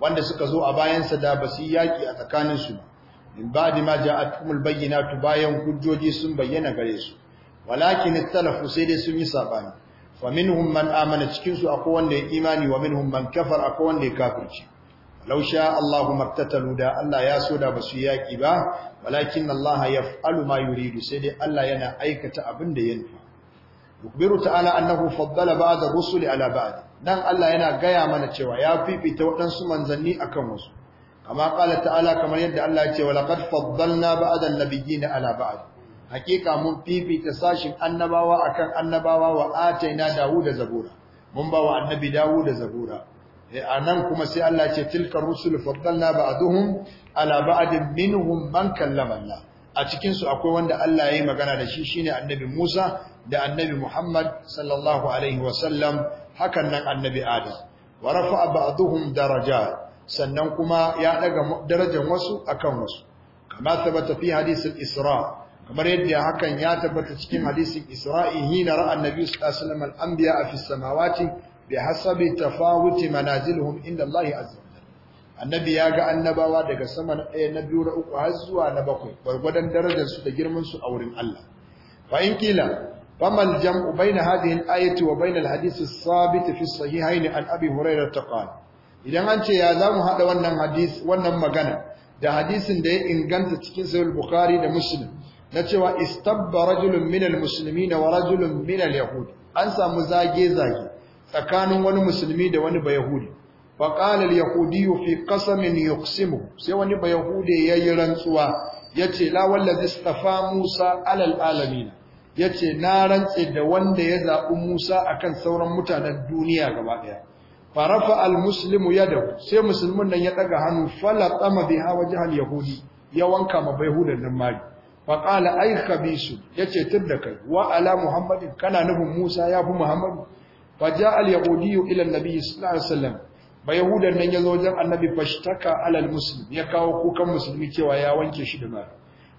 wanda suka zo a bayansa da basu yaki a tsakanin su min ba'di ma ja'atkumul bayyinatu bayan hujjoji sun bayyana gare su walakin istalafu sai dai sun yi saɓani, fa minhum man amana cikinsu su akwai wanda ya imani wa minhum man kafar akwai wanda ya kafirci lausha Allahu martatalu da Allah ya so da basu yaki ba walakin Allah yaf'alu ma yuridu sai dai Allah yana aikata abin da ya nufa ta'ala annahu faddala ba'd ar-rusuli ala ba'd dan Allah yana gaya mana cewa ya fifita waɗansu manzanni akan wasu kama qala ta'ala kamar yadda Allah ya ce walaqad faddalna ba'd an-nabiyyin ala ba'd hakika mun fifita sashin annabawa akan annabawa wa ataina dawuda zabura mun ba wa annabi dawuda zabura Eh, a nan kuma sai Allah ce tilka rusul faddalna ba'duhum ala ba'din minhum man kallama a cikin su akwai wanda Allah ya yi magana da shi shine annabi Musa da annabi Muhammad sallallahu alaihi hakan nan annabi Adam wa rafa'a ba'duhum daraja sannan kuma ya daga darajar wasu akan wasu kama tabbata fi hadisin Isra kamar yadda hakan ya tabbata cikin hadisin Isra'i hina ra'a annabi sallallahu alaihi wa al-anbiya fi samawati bi hasabi tafawuti manaziluhum inda Allah azza annabi ya ga annabawa daga sama na na biyu uku har zuwa na bakwai gwargwadon darajar su da girman su a wurin Allah fa in kila famal jam'u baina hadhihi al-ayati wa baina al-hadith as-sabit fi as-sahihayn an abi hurairah taqala idan an ce ya zamu hada wannan wannan magana da hadisin da ya inganta cikin sahih bukhari da muslim na cewa istabba rajulun min al-muslimin wa rajulun min al-yahud an samu zage zage tsakanin wani musulmi da wani bayahudi faƙalar yahudi fi ƙasamin yuksimu sai wani bayahudi ya yi rantsuwa ya ce lawallazi stafa musa alal alamina ya ce na rantse da wanda ya zaɓi musa akan sauran mutanen duniya gaba ɗaya farafa almuslimu ya dahu sai musulmin nan ya ɗaga hannu fala tsama hawa wajen yahudi ya wanka ma bayahudan nan mari faƙala aika khabisu ya ce tur da kai wa ala muhammadin kana nufin musa ya fi muhammadu faja al-yahudiyu ila annabi sallallahu alaihi wasallam ba yahudan nan yazo wajen annabi fashtaka ala muslim ya kawo kukan musulmi cewa ya wanke shi da mara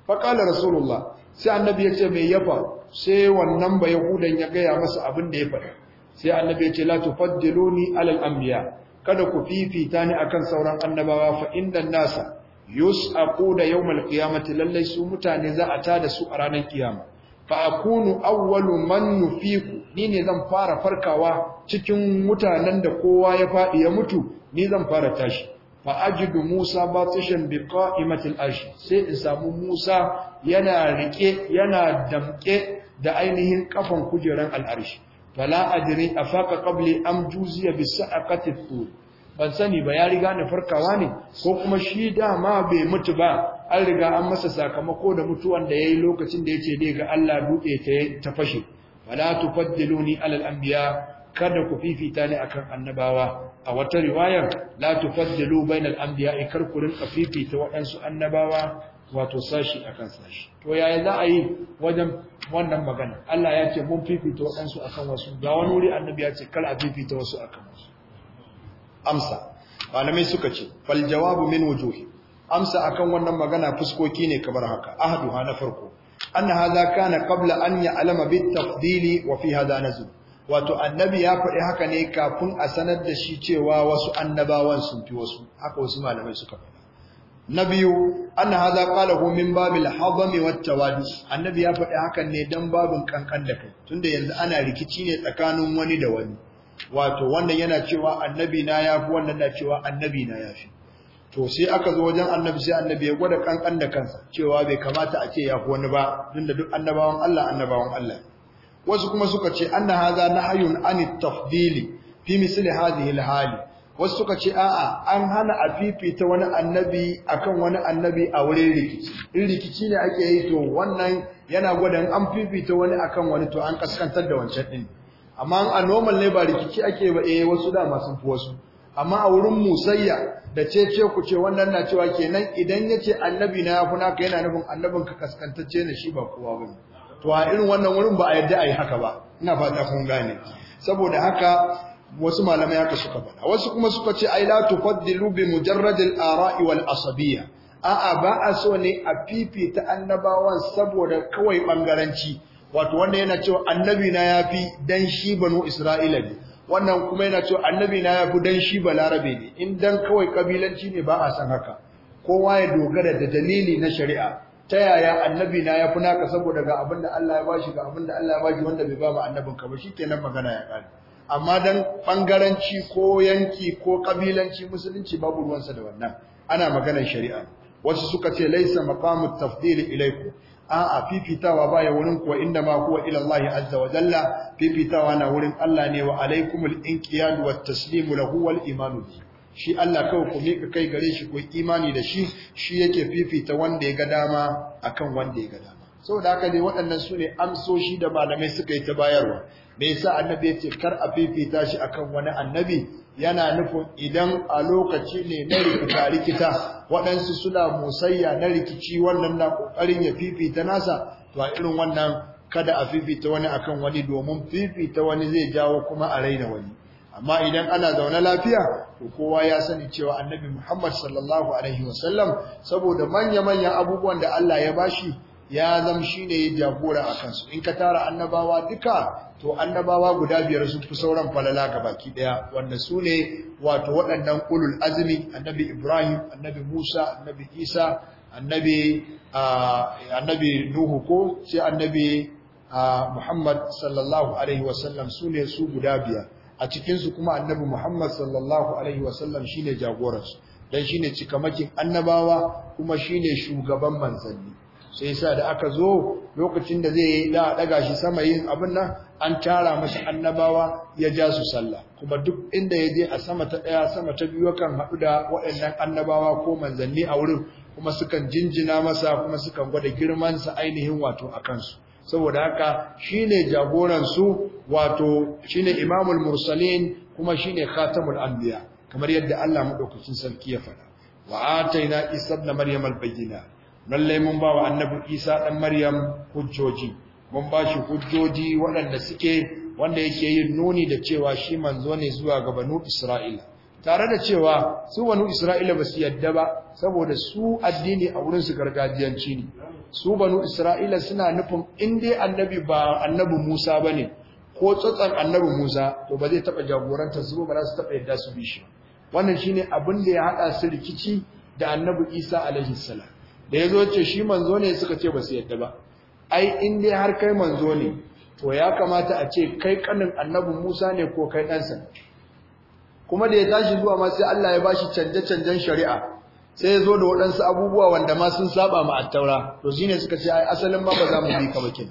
fa qala rasulullah sai annabi ya ce me yafa sai wannan ba yahudan ya gaya masa abin da ya faɗa sai annabi ya ce la tufaddiluni ala anbiya kada ku fifita ni akan sauran annabawa fa innan nasa yus'aqu da yawmal qiyamati lallai su mutane za a tada su a ranar kiyama fa akunu awwalu man nufiku ni ne zan fara farkawa cikin mutanen da kowa ya faɗi ya mutu ni zan fara tashi fa ajidu Musa batishan bi qa'imatil arsh sai in samu Musa yana rike yana damke da ainihin kafan kujeran al'arshi fala a afaqa qabli am juziya bi sa'aqati thur ban sani ba ya riga ni farkawa ne ko kuma shi dama bai mutu ba an riga an masa sakamako da mutuwan da yayi lokacin da yake dai ga Allah duɗe ta ta fashe wala tufaddiluni alal anbiya kada ku fifita ni akan annabawa a wata riwaya la tufaddilu bainal anbiya kar ku rinka fifita waɗansu annabawa wato sashi akan sashi to yaya za a yi wajen wannan magana Allah ya ce mun fifita waɗansu akan wasu ga wani wuri annabi ya ce kar a fifita wasu akan wasu amsa malamai suka ce fal jawabu min wujuhi amsa akan wannan magana fuskoki ne kamar haka ha na farko anna hadha kana qabla an ya'lama bi tafdili wa fi hadha nazul wato annabi ya faɗi haka ne kafin a sanar da shi cewa wasu annabawan sun fi wasu haka wasu malamai suka faɗa na biyu anna hadha qalahu min babil hadami wat tawadi annabi ya faɗi hakan ne dan babin kankan da kai tunda yanzu ana rikici ne tsakanin wani da wani wato wannan yana cewa annabi na ya fi wannan na cewa annabi na ya fi, to sai aka zo wajen annabi sai annabi ya gwada kankan da kansa cewa bai kamata a ce ya fi wani ba tunda duk annabawan Allah annabawan Allah wasu kuma suka ce anna hadha nahyun anit tafdili fi misli hadhihi alhali wasu suka ce a'a an hana a fifita wani annabi akan wani annabi a wurin rikici in rikici ne ake yi to wannan yana gwada an fifita wani akan wani to an kaskantar da wancan din amma a normal ne ba rikici ake ba eh wasu da masu fi wasu amma a wurin musayya da cece ku ce wannan na cewa kenan idan yace annabi na yafi naka yana nufin annabin ka kaskantacce ne shi ba kowa bane to a irin wannan wurin ba a yadda ai haka ba ina fata kun gane saboda haka wasu malamai haka suka faɗa wasu kuma suka ce ai la tufaddilu bi mujarrad al ara'i wal asabiyya a'a ba a so ne a fifita annabawan saboda kawai bangaranci wato wanda yana cewa annabi na fi dan shi banu isra'ila ne wannan kuma yana cewa annabi na fi dan shi balarabe ne in dan kawai kabilanci ne ba a san haka kowa ya dogara da dalili na shari'a ta yaya annabi na fi naka saboda ga abin da Allah ya bashi ga abin da Allah ya bashi wanda bai ba ba annabin ka ba kenan magana ya kare amma dan bangaranci ko yanki ko kabilanci musulunci babu ruwansa da wannan ana maganar shari'a wasu suka ce laisa maqamut tafdil ilaikum a'a fifitawa baya wurin kuwa inda ma kuwa ilallahi azzawajalla fifitawa na wurin Allah ne wa alaikumul inkiyadu wat taslimu lahu wal imanu shi Allah kawai ku mika kai gare shi ku imani da shi shi yake fifita wanda ya ga dama akan wanda ya ga dama saboda haka ne waɗannan su ne amsoshi da malamai suka yi ta bayarwa me yasa annabi ya ce kar a fifita shi akan wani annabi yana nufin idan a lokaci ne na rikita rikita waɗansu suna musayya na rikici wannan na ƙoƙarin ya fifita nasa to a irin wannan kada a fifita wani akan wani domin fifita wani zai jawo kuma a raina wani amma idan ana zaune lafiya to kowa ya sani cewa annabi Muhammad sallallahu alaihi wasallam saboda manya-manyan abubuwan da Allah ya bashi ya zama shi ne jagora a kansu in ka tara annabawa duka to annabawa guda biyar sun fi sauran falala ga baki daya wanda su ne wato waɗannan ulul azumi annabi ibrahim annabi musa annabi isa annabi nuhu ko sai annabi muhammad sallallahu alaihi wasallam su ne su guda biyar a cikinsu kuma annabi muhammad sallallahu alaihi wasallam shi ne jagoransu don shi ne cikamakin annabawa kuma shi ne shugaban manzanni sai yasa da aka zo lokacin da zai da daga shi sama yin abin nan an tara masa annabawa ya ja su sallah kuma duk inda ya je a sama ta daya sama ta biyu kan haɗu da waɗannan annabawa ko manzanni a wurin kuma sukan jinjina masa kuma sukan gwada girman sa ainihin wato a kansu saboda haka shine jagoran su wato shine imamul mursalin kuma shine khatamul anbiya kamar yadda Allah madaukakin sarki ya faɗa wa na isa ibn maryam al-bayyinah lallai mun ba wa annabi isa ɗan maryam hujjoji mun ba shi hujjoji waɗanda suke wanda yake yin nuni da cewa shi manzo ne zuwa ga banu isra'ila tare da cewa su banu isra'ila ba su yadda ba saboda su addini a wurinsu gargajiyanci ne su banu isra'ila suna nufin in dai annabi ba annabi musa ba ne ko tsotson annabi musa to ba zai taɓa jagorantar su ba za su taɓa yadda su bi shi wannan shine abin da ya haɗa su rikici da annabi isa alaihi salam da ya zo ce shi manzo ne suka ce ba su yadda ba ai in dai har kai manzo ne to ya kamata a ce kai kanin annabi musa ne ko kai ɗansa kuma da ya tashi zuwa ma sai allah ya bashi canje-canjen shari'a sai ya zo da waɗansu abubuwa wanda ma sun saba ma attaura to shi ne suka ce ai asalin ma ba za mu bi ka bakin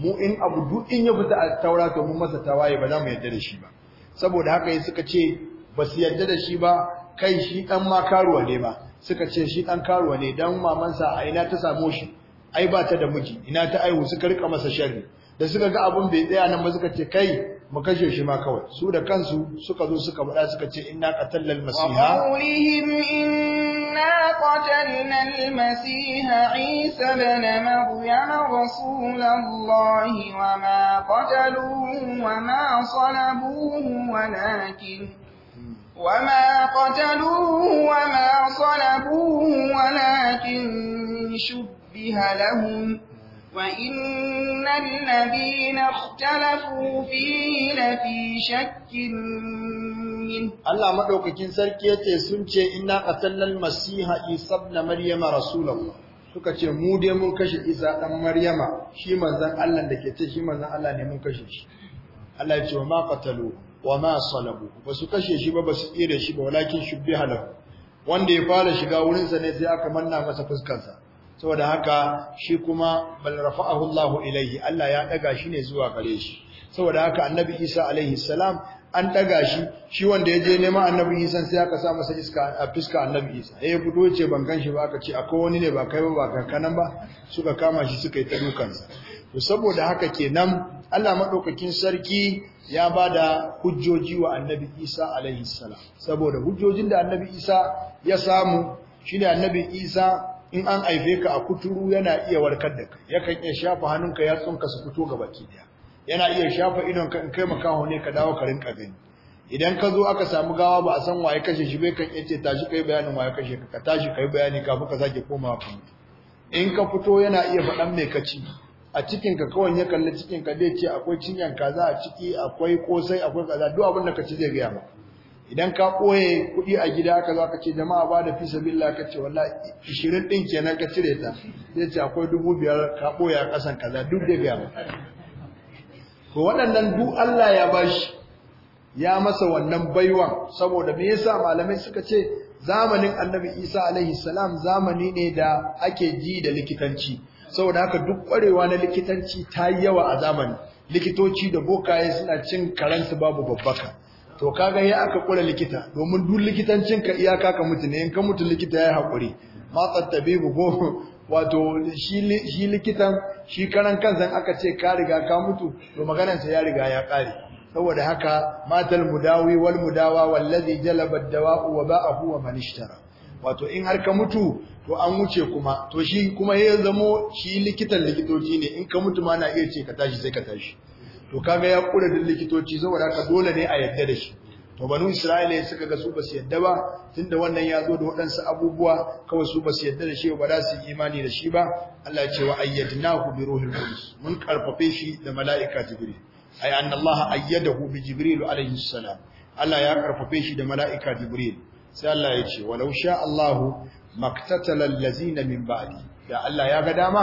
mu in abu duk in ya fita attaura to mun masa tawaye ba za mu yadda da shi ba saboda haka ya suka ce ba su yadda da shi ba kai shi ɗan ma karuwa ne ba suka ce shi dan karuwa ne dan mamansa a ina ta samu shi ai ba ta da miji ina ta aihu suka rika masa sharri da suka ga abun bai tsaya nan ba suka ce kai mu kashe shi ma kawai su da kansu suka zo suka bada suka ce inna qatalnal masiha qawlihim inna qatalnal masiha isa ibn maryam rasulallahi wa ma qataluhu wa ma salabuhu walakin وما قتلوه وما صلبوه ولكن شبه لهم وإن الذين اختلفوا فيه لفي شك منه الله مدوكين سركي yace sun ce inna qatalnal masiha isa ibn maryama rasulullah suka ce mu dai mun kashe isa dan maryama shi manzon Allah da ke ce shi manzon Allah ne mun kashe shi Allah ya ce ma qatalu wa ma salabu ba su kashe shi ba ba su tsere shi ba walakin bi lahu wanda ya fara shiga wurin sa ne sai aka manna masa fuskar sa saboda haka shi kuma bal rafa'ahu Allahu ilayhi Allah ya daga shi ne zuwa gare shi saboda haka annabi Isa alaihi salam an daga shi shi wanda ya je neman annabi Isa sai aka sa masa iska a fuska annabi Isa eh fito ce ban ganshi ba aka ce akwai wani ne ba kai ba ba kankanan ba suka kama shi suka yi ta dukansa to saboda haka kenan Allah madaukakin sarki ya ba da hujjoji wa annabi isa alaihi salam saboda hujjojin da annabi isa ya samu shi ne annabi isa in an aife ka a kuturu yana iya warkar da kai yakan iya shafa hannunka yatsunka su fito ga baki daya yana iya shafa idon ka in kai makaho ne ka dawo ka rinka gani idan ka zo aka samu gawa ba a san waye kashe shi bai kan yace tashi kai bayanin waye kashe ka tashi kai bayani kafin ka sake komawa kuma in ka fito yana iya faɗan me ka ci a cikinka kawai ya kalli cikinka zai ce akwai cinyan kaza a ciki akwai kosai akwai kaza duk abin da ka ci zai gaya ba idan ka ɓoye kuɗi a gida aka za ka ce jama'a ba da fi sabilla ka ce walla ishirin ɗin kenan ka cire ta zai ce akwai dubu biyar ka ɓoye a ƙasan kaza duk da gaya ba Ko waɗannan duk Allah ya bashi ya masa wannan baiwan saboda me yasa malamai suka ce zamanin annabi isa alaihi salam zamani ne da ake ji da likitanci saboda haka duk kwarewa na likitanci ta yi yawa a zamani likitoci da bokaye suna cin karanta babu babbaka to kaga ya aka kula likita domin duk likitancin ka iyaka ka mutu ne in ka mutu likita ya yi haƙuri ma tattabibu go wato shi likitan shi karan kansa aka ce ka riga ka mutu to maganarsa ya riga ya ƙare saboda haka matal mudawi wal mudawa wallazi jalaba dawa'u wa ba'ahu wa man ishtara wato in har ka mutu to an wuce kuma to shi kuma ya zamo shi likitan likitoci ne in ka mutu ma na iya ce ka tashi sai ka tashi to kaga ya kura da likitoci saboda ka dole ne a yadda da shi to banu isra'ila suka ga su ba su yadda ba tunda wannan ya zo da waɗansu abubuwa kawai su basu su yadda da shi ba za su yi imani da shi ba Allah ya ce wa ayyadnahu bi ruhil qudus mun karfafe shi da mala'ika jibril ay anna Allah ayyadahu bi jibril alayhi salam Allah ya karfafe shi da mala'ika jibril sai Allah ya ce walau sha Allahu maktatala allazina min ba'di da Allah ya ga dama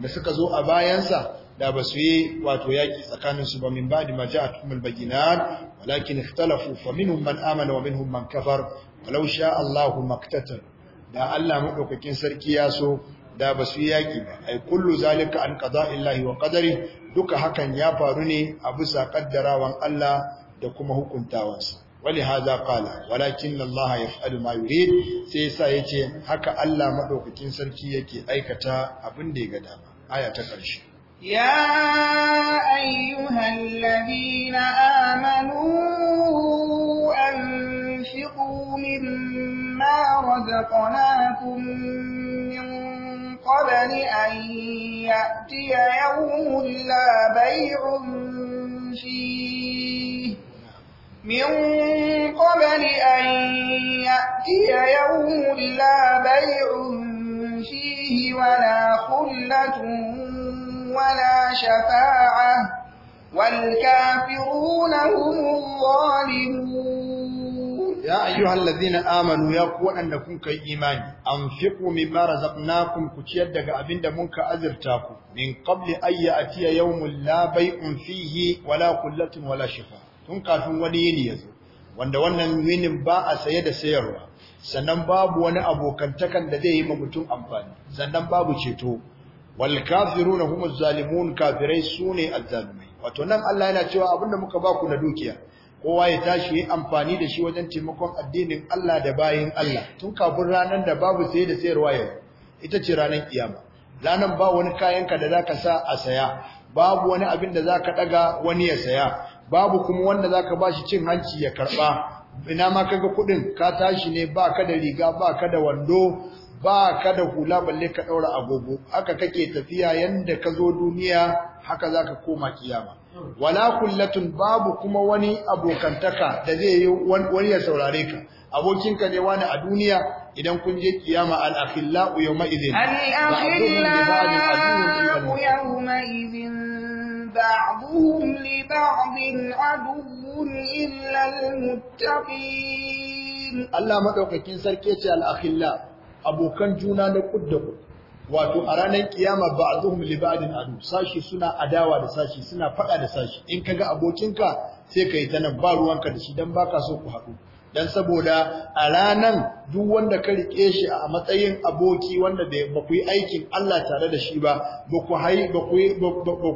da suka zo a bayansa da basu yi wato yaki tsakanin su ba min ba'di ma ja'atuhumul bayyinat walakin ikhtalafu faminhum man amana wa minhum man kafar walau sha Allahu maktatal da Allah madaukakin sarki ya so da basu yi yaki ba ai kullu zalika an qada'illahi wa qadari duka hakan ya faru ne a bisa kaddarawan Allah da kuma hukuntawansa ولهذا walakin ولكن الله يفعل ما يريد sai yasa ce haka Allah madaukakin sarki yake aikata abin da ya ga dama aya ta karshe ya ayyuhal ladina amanu anfiqu mimma razaqnakum min qabl an ya'tiya yawmun la bay'un fihi من قبل أن يأتي يوم لا بيع فيه ولا خلة ولا شفاعة والكافرون هم الظالمون يا أيها الذين آمنوا يقوى أنكم كإيمان أنفقوا مما رزقناكم كتيدك أبند منك أذرتاكم من قبل أن يأتي يوم لا بيع فيه ولا قلة ولا شفاعة tun kafin wani yini ya zo wanda wannan yinin ba a saye da sayarwa sannan babu wani abokantakan da zai yi ma mutum amfani sannan babu ceto wal kafiruna hum zalimun kafirai sune azzalumai wato nan Allah yana cewa abinda muka ba ku na dukiya kowa ya tashi yi amfani da shi wajen taimakon addinin Allah da bayin Allah tun kafin ranar da babu saye da sayarwa yau ita ce ranar kiyama ranar ba wani kayanka da zaka sa a saya babu wani abin da zaka daga wani ya saya babu kuma wanda zaka shi cin hanci ya karɓa. ina ma kaga kudin ka tashi ne ba ka da riga ba ka da wando ba ka da hula balle ka daura agogo haka kake tafiya yanda ka zo duniya haka zaka koma kiyama wala kullatun babu kuma wani abokantaka da zai yi wani ya saurare ka abokinka ne wani a duniya idan kun je kiyama al-akhillau yawma idhin al-akhillau yawma idhin بعضهم لبعض عدو إلا المتقين الله مدوكين سركيتي الله أبو كان جونا نقدكم wato a ranar kiyama ba'dhum li ba'din adu sashi suna adawa da sashi suna faɗa da sashi in ka ga abokinka sai yi ta nan ba ruwanka da shi dan baka so ku haɗu dan saboda a ranan duk wanda ka rike shi a matsayin aboki wanda ba ku yi aikin Allah tare da shi ba ba ku hai ba ku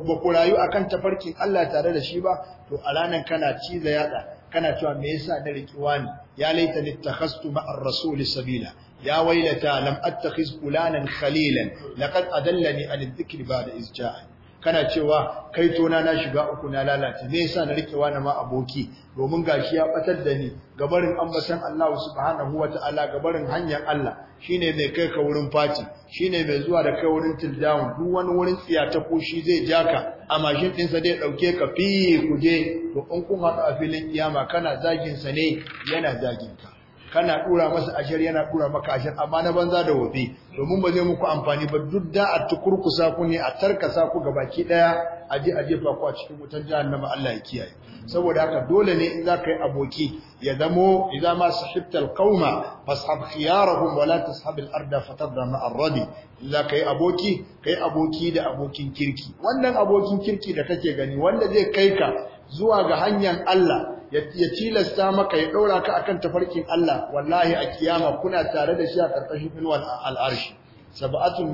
ba ku rayu akan tafarkin Allah tare da shi ba to a ranan kana ciza yatsa kana cewa me yasa na riki wani ya laita littakhastu ma'ar rasul sabila ya wailata lam attakhiz fulanan khalilan laqad adallani an dhikri ba'da da ja'a kana cewa kai tona na shiga uku na lalace me yasa na rike wani ma aboki domin gashi ya batar da ni gabarin ambatan Allah subhanahu wataala gabarin hanyar Allah shine mai kai ka wurin fati shine mai zuwa da kai wurin tildown duk wani wurin tsiya ta koshi zai ja ka a mashin din sa zai dauke ka fi kuje to in kun haɗu a filin kiyama kana zagin sa ne yana zagin ka kana dura masa ashar yana dura maka ashar amma na banza da wofi domin ba zai muku amfani ba duk da a tukurkusa ku ne a tarkasa ku baki daya a je a jefa ku a cikin wutar jahannama Allah ya kiyaye saboda haka dole ne in zaka yi aboki ya zamo idza ma sahibta alqauma fashab khiyarahum wa la tashab arda fatadra ma ar-rabi in zaka yi aboki kai aboki da abokin kirki wannan abokin kirki da kake gani wanda zai kai ka zuwa ga hanyar Allah ya tilasta maka ya ɗaura ka akan tafarkin Allah wallahi a kiyama kuna tare da shi a karkashin inuwar al'arshi sab'atun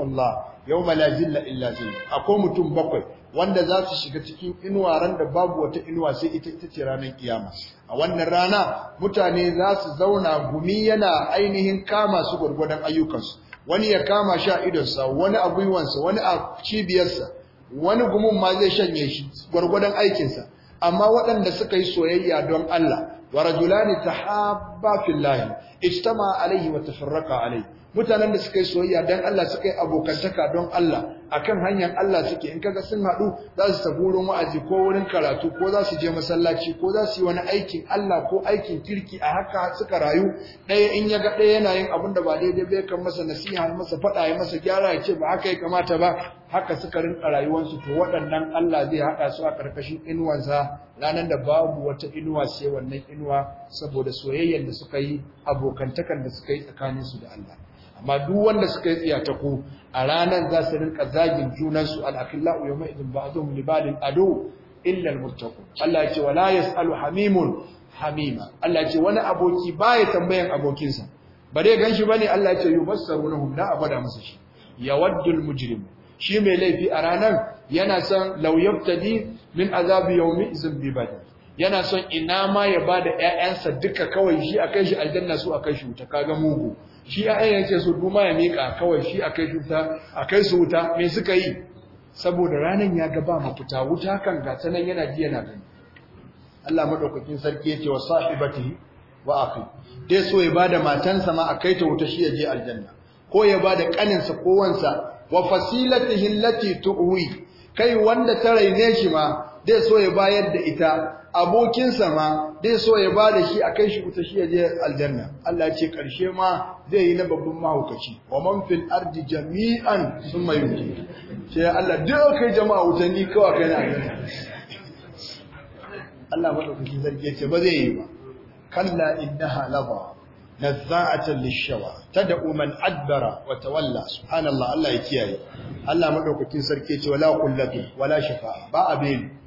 Allah yawma la zilla illa A akwai mutum bakwai wanda za su shiga cikin inuwa da babu wata inuwa sai ita ita ce ranar kiyama a wannan rana mutane za su zauna gumi yana ainihin kama su gurgurdan ayyukansu wani ya kama sha idonsa wani a gwiwansa wani a cibiyarsa wani gumin ma zai shanye shi gwargwadon aikinsa amma waɗanda suka yi soyayya don Allah wa rajulani tahabba fillahi ijtama alaihi wa tafarraqa alaihi mutanen da suka yi soyayya don Allah suka yi abokantaka don Allah akan hanyar Allah suke in kaga sun hadu za su tafi wurin wa'azi ko wurin karatu ko za su je masallaci ko za su yi wani aikin Allah ko aikin kirki a haka suka rayu ɗaya in ya ga ɗaya yana yin abun da ba daidai ba kan masa nasiha masa faɗa ya masa gyara ya ce ba haka ya kamata ba haka suka rinka rayuwarsu to waɗannan Allah zai haɗa su a ƙarƙashin inuwansa ranar da babu wata inuwa sai wannan inuwa saboda soyayyar da suka yi abokantakan da suka yi tsakaninsu da Allah amma duk wanda suka yi tsiyata ku a ranar za su rinka zagin junansu al'akillahu yau mai izin ba'azun libalin ado illal murtaku Allah ce wala yas'alu hamimun hamima Allah ce wani aboki baya tambayan abokinsa ba dai ganshi bane Allah ce yubassarunhum la abada masa shi yawaddul mujrim shi mai laifi a ranar yana son law yaftadi min azabi yawmi izin bibadi yana son ina ma ya bada ƴaƴansa duka kawai shi a akai shi aljanna su akai shi wuta kaga mugu shi ya'yan ce su duma ya miƙa kawai shi a kai wuta a kai su wuta me suka yi saboda ranar ya ga ba mafita wuta kan ga nan yana ji yana gani Allah madaukakin sarki yake wa sahibati wa akhi dai so ya da matansa ma a kai ta wuta shi ya je aljanna ko ya bada kaninsa ko wansa wa fasilatihi allati tuwi kai wanda ta raine shi ma dai so ya bayar da ita abokinsa ma zai so ya ba da shi a kai shi wuta shi ya je aljanna Allah ce karshe ma zai yi na babban mahaukaci wa man fil ardi jami'an summa yuti ce Allah duk kai jama'a wuta ni kawai kai na aljanna Allah madaukaki zargi ce ba zai yi ba kalla innaha laba nazza'atan lishawa da umar adbara wa tawalla subhanallah Allah ya kiyaye Allah madaukakin sarki ce wala qullatu wala shafa'a ba abin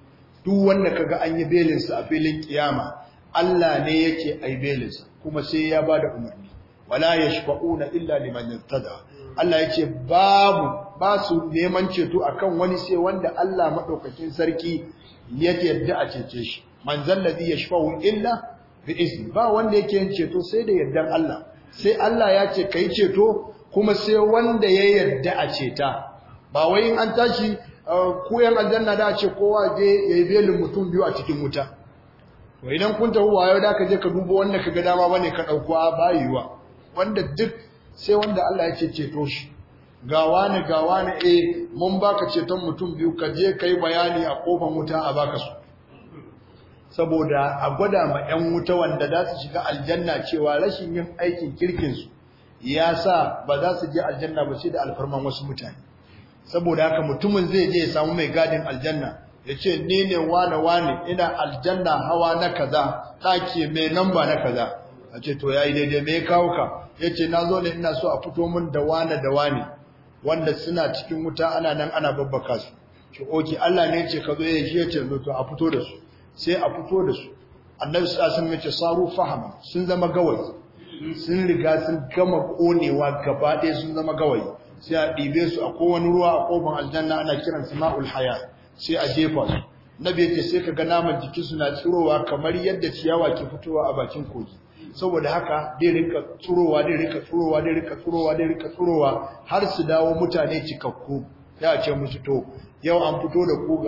duk wanda kaga an yi belinsa a filin kiyama Allah ne yake ai belinsa kuma sai ya bada umarni wala yashfa'una illa liman irtada Allah yace babu ba su neman ceto akan wani sai wanda Allah madaukakin sarki yake yadda a cece shi manzal ladhi yashfa'u illa bi izni ba wanda yake yin ceto sai da yardan Allah sai Allah ya ce kai ceto kuma sai wanda ya yarda a ceta ba wai an tashi Eh, ku yan aljanna da ce kowa je yayi belin mutum biyu a cikin wuta wai idan kun tafi wayo da ka je ka dubo wanda ka ga dama bane ka dauko a bayiwa wanda duk sai wanda Allah ya ce ceto shi ga wani ga wani eh mun baka ceton mutum biyu ka je kai bayani a kofar wuta a baka su saboda a gwada ma 'yan wuta wanda za su shiga aljanna cewa rashin yin aikin su ya sa ba za su je aljanna ba sai da alfarman wasu mutane saboda haka mutumin zai je ya samu mai gadin aljanna ya ce ni ne wane wane ina aljanna hawa na kaza ɗaki mai namba na kaza a ce to ya yi daidai mai kawo ka ya ce na zo ne ina so a fito min da wane da wane wanda suna cikin wuta ana nan ana babbaka su ce oke Allah ne ce ka zo ya eh, shi ya ce to a fito da su sai a fito da su annabi su asin mace saru fahama sun zama gawayi sun riga sun gama konewa gaba ɗaya sun zama gawayi sai a ɗibe su a kowane ruwa a kofin aljanna ana kiran su ma'ul haya sai a jefa su nabi yace sai ka ga naman jikin suna na tsirowa kamar yadda ciyawa ke fitowa a bakin kogi saboda haka dai rika tsirowa dai rika tsirowa dai rika tsirowa dai rika tsirowa har su dawo mutane cikakku ya ce musu to yau an fito da ku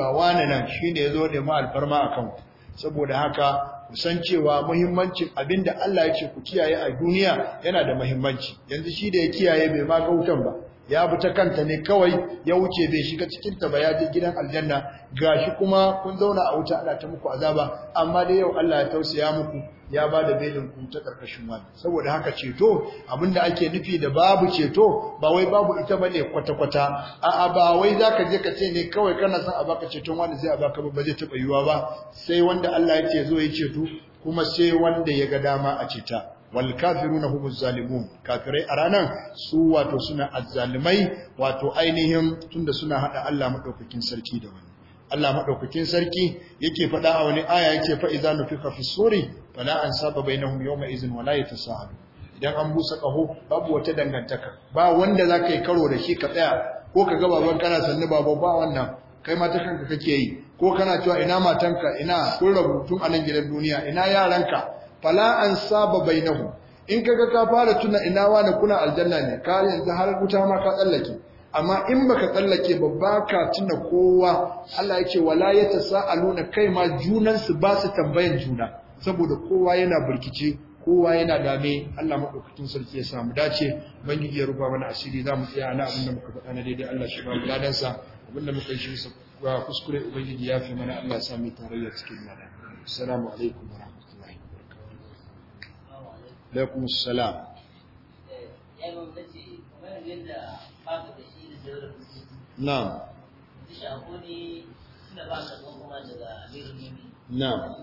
nan shine yazo da ma alfarma akan ku saboda haka san cewa muhimmancin abinda Allah ya ce ku kiyaye a duniya yana da muhimmanci yanzu shi da ya kiyaye bai ma kautan ba ya bi ta kanta ne kawai ya wuce bai shiga cikin ta ba ya je gidan aljanna gashi kuma kun zauna a wuta ana ta muku azaba amma dai yau Allah ya tausaya muku ya ba da belin ku ta karkashin wani saboda haka ceto abinda ake nufi da babu ceto ba wai babu ita bane kwata kwata a'a ba wai zaka je ka ce ne kawai kana son a baka ceton wani zai a baka ba zai taba yiwuwa ba sai wanda Allah ya ce zo ya ceto kuma sai wanda ya ga dama a ceta wal kafiruna humu zalimun kafirai a ranan su wato suna azzalimai wato ainihin tunda suna hada Allah madaukakin sarki da wani Allah madaukakin sarki yake fada a wani aya yake fa idza nufika fi suri fala ansaba bainahum yawma idhin wala yatasahalu idan an busa kaho babu wata dangantaka ba wanda zakai karo da shi ka tsaya ko ka ga baban kana sanni baba ba wannan kai ma ta kanka kake yi ko kana cewa ina matanka ina kun rabu tun a gidan duniya ina yaranka fala an saba bainahu in kaga ka fara tuna ina wani kuna aljanna ne ka yanzu har wuta ma ka tsallake amma in baka tsallake ba baka tuna kowa Allah yake wala yatasaaluna kai ma junan su ba su tambayan juna saboda kowa yana burkice kowa yana dame Allah madaukakin sarki ya samu dace bangiji ya ruba mana asiri za mu tsaya na abinda muka faɗa na daidai Allah shi ba mu ladan sa abinda muka yi shi kuskure ubangiji ya fi mana Allah ya sami tarayya cikin mana assalamu alaikum wa alaikum salam na'am na'am na'am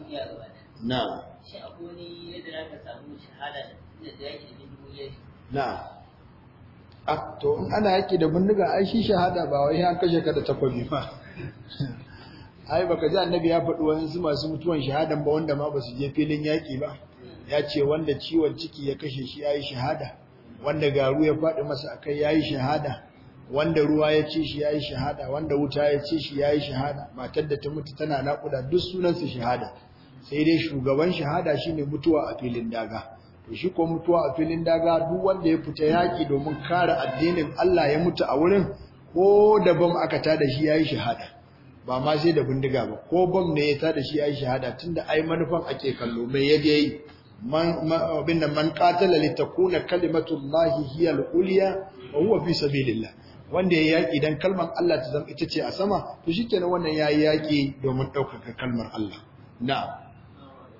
na'am a ah, to ana yaki da bindiga ai shi shahada ba wai an kashe ka da takwabi ba ai baka ji annabi ya faɗi yanzu masu mutuwan shahadan ba wanda ma ba su je filin yaki ba ya ce wanda ciwon ciki ya kashe shi ya yi shahada wanda garu ya faɗi masa a kai ya yi shahada wanda ruwa ya ci shi ya yi shahada wanda wuta ya ci shi ya yi shahada matar da ta mutu tana naƙuda duk sunansu shahada sai dai shugaban shahada shine mutuwa a filin daga to shi ko mutuwa a filin daga duk wanda ya fita yaƙi domin kare addinin Allah ya mutu a wurin ko da bam aka tada shi ya yi shahada ba ma sai da bindiga ba ko bam ne ya tada shi ya yi shahada tunda ai manufan ake kallo mai ya yi abinda man qatala litakuna kalimatullahi hiya al-ulya wa huwa fi sabilillah wanda ya yaki dan kalmar Allah ta zama ita ce a sama to shikenan wannan yayi yaki domin ɗaukaka kalmar Allah na'am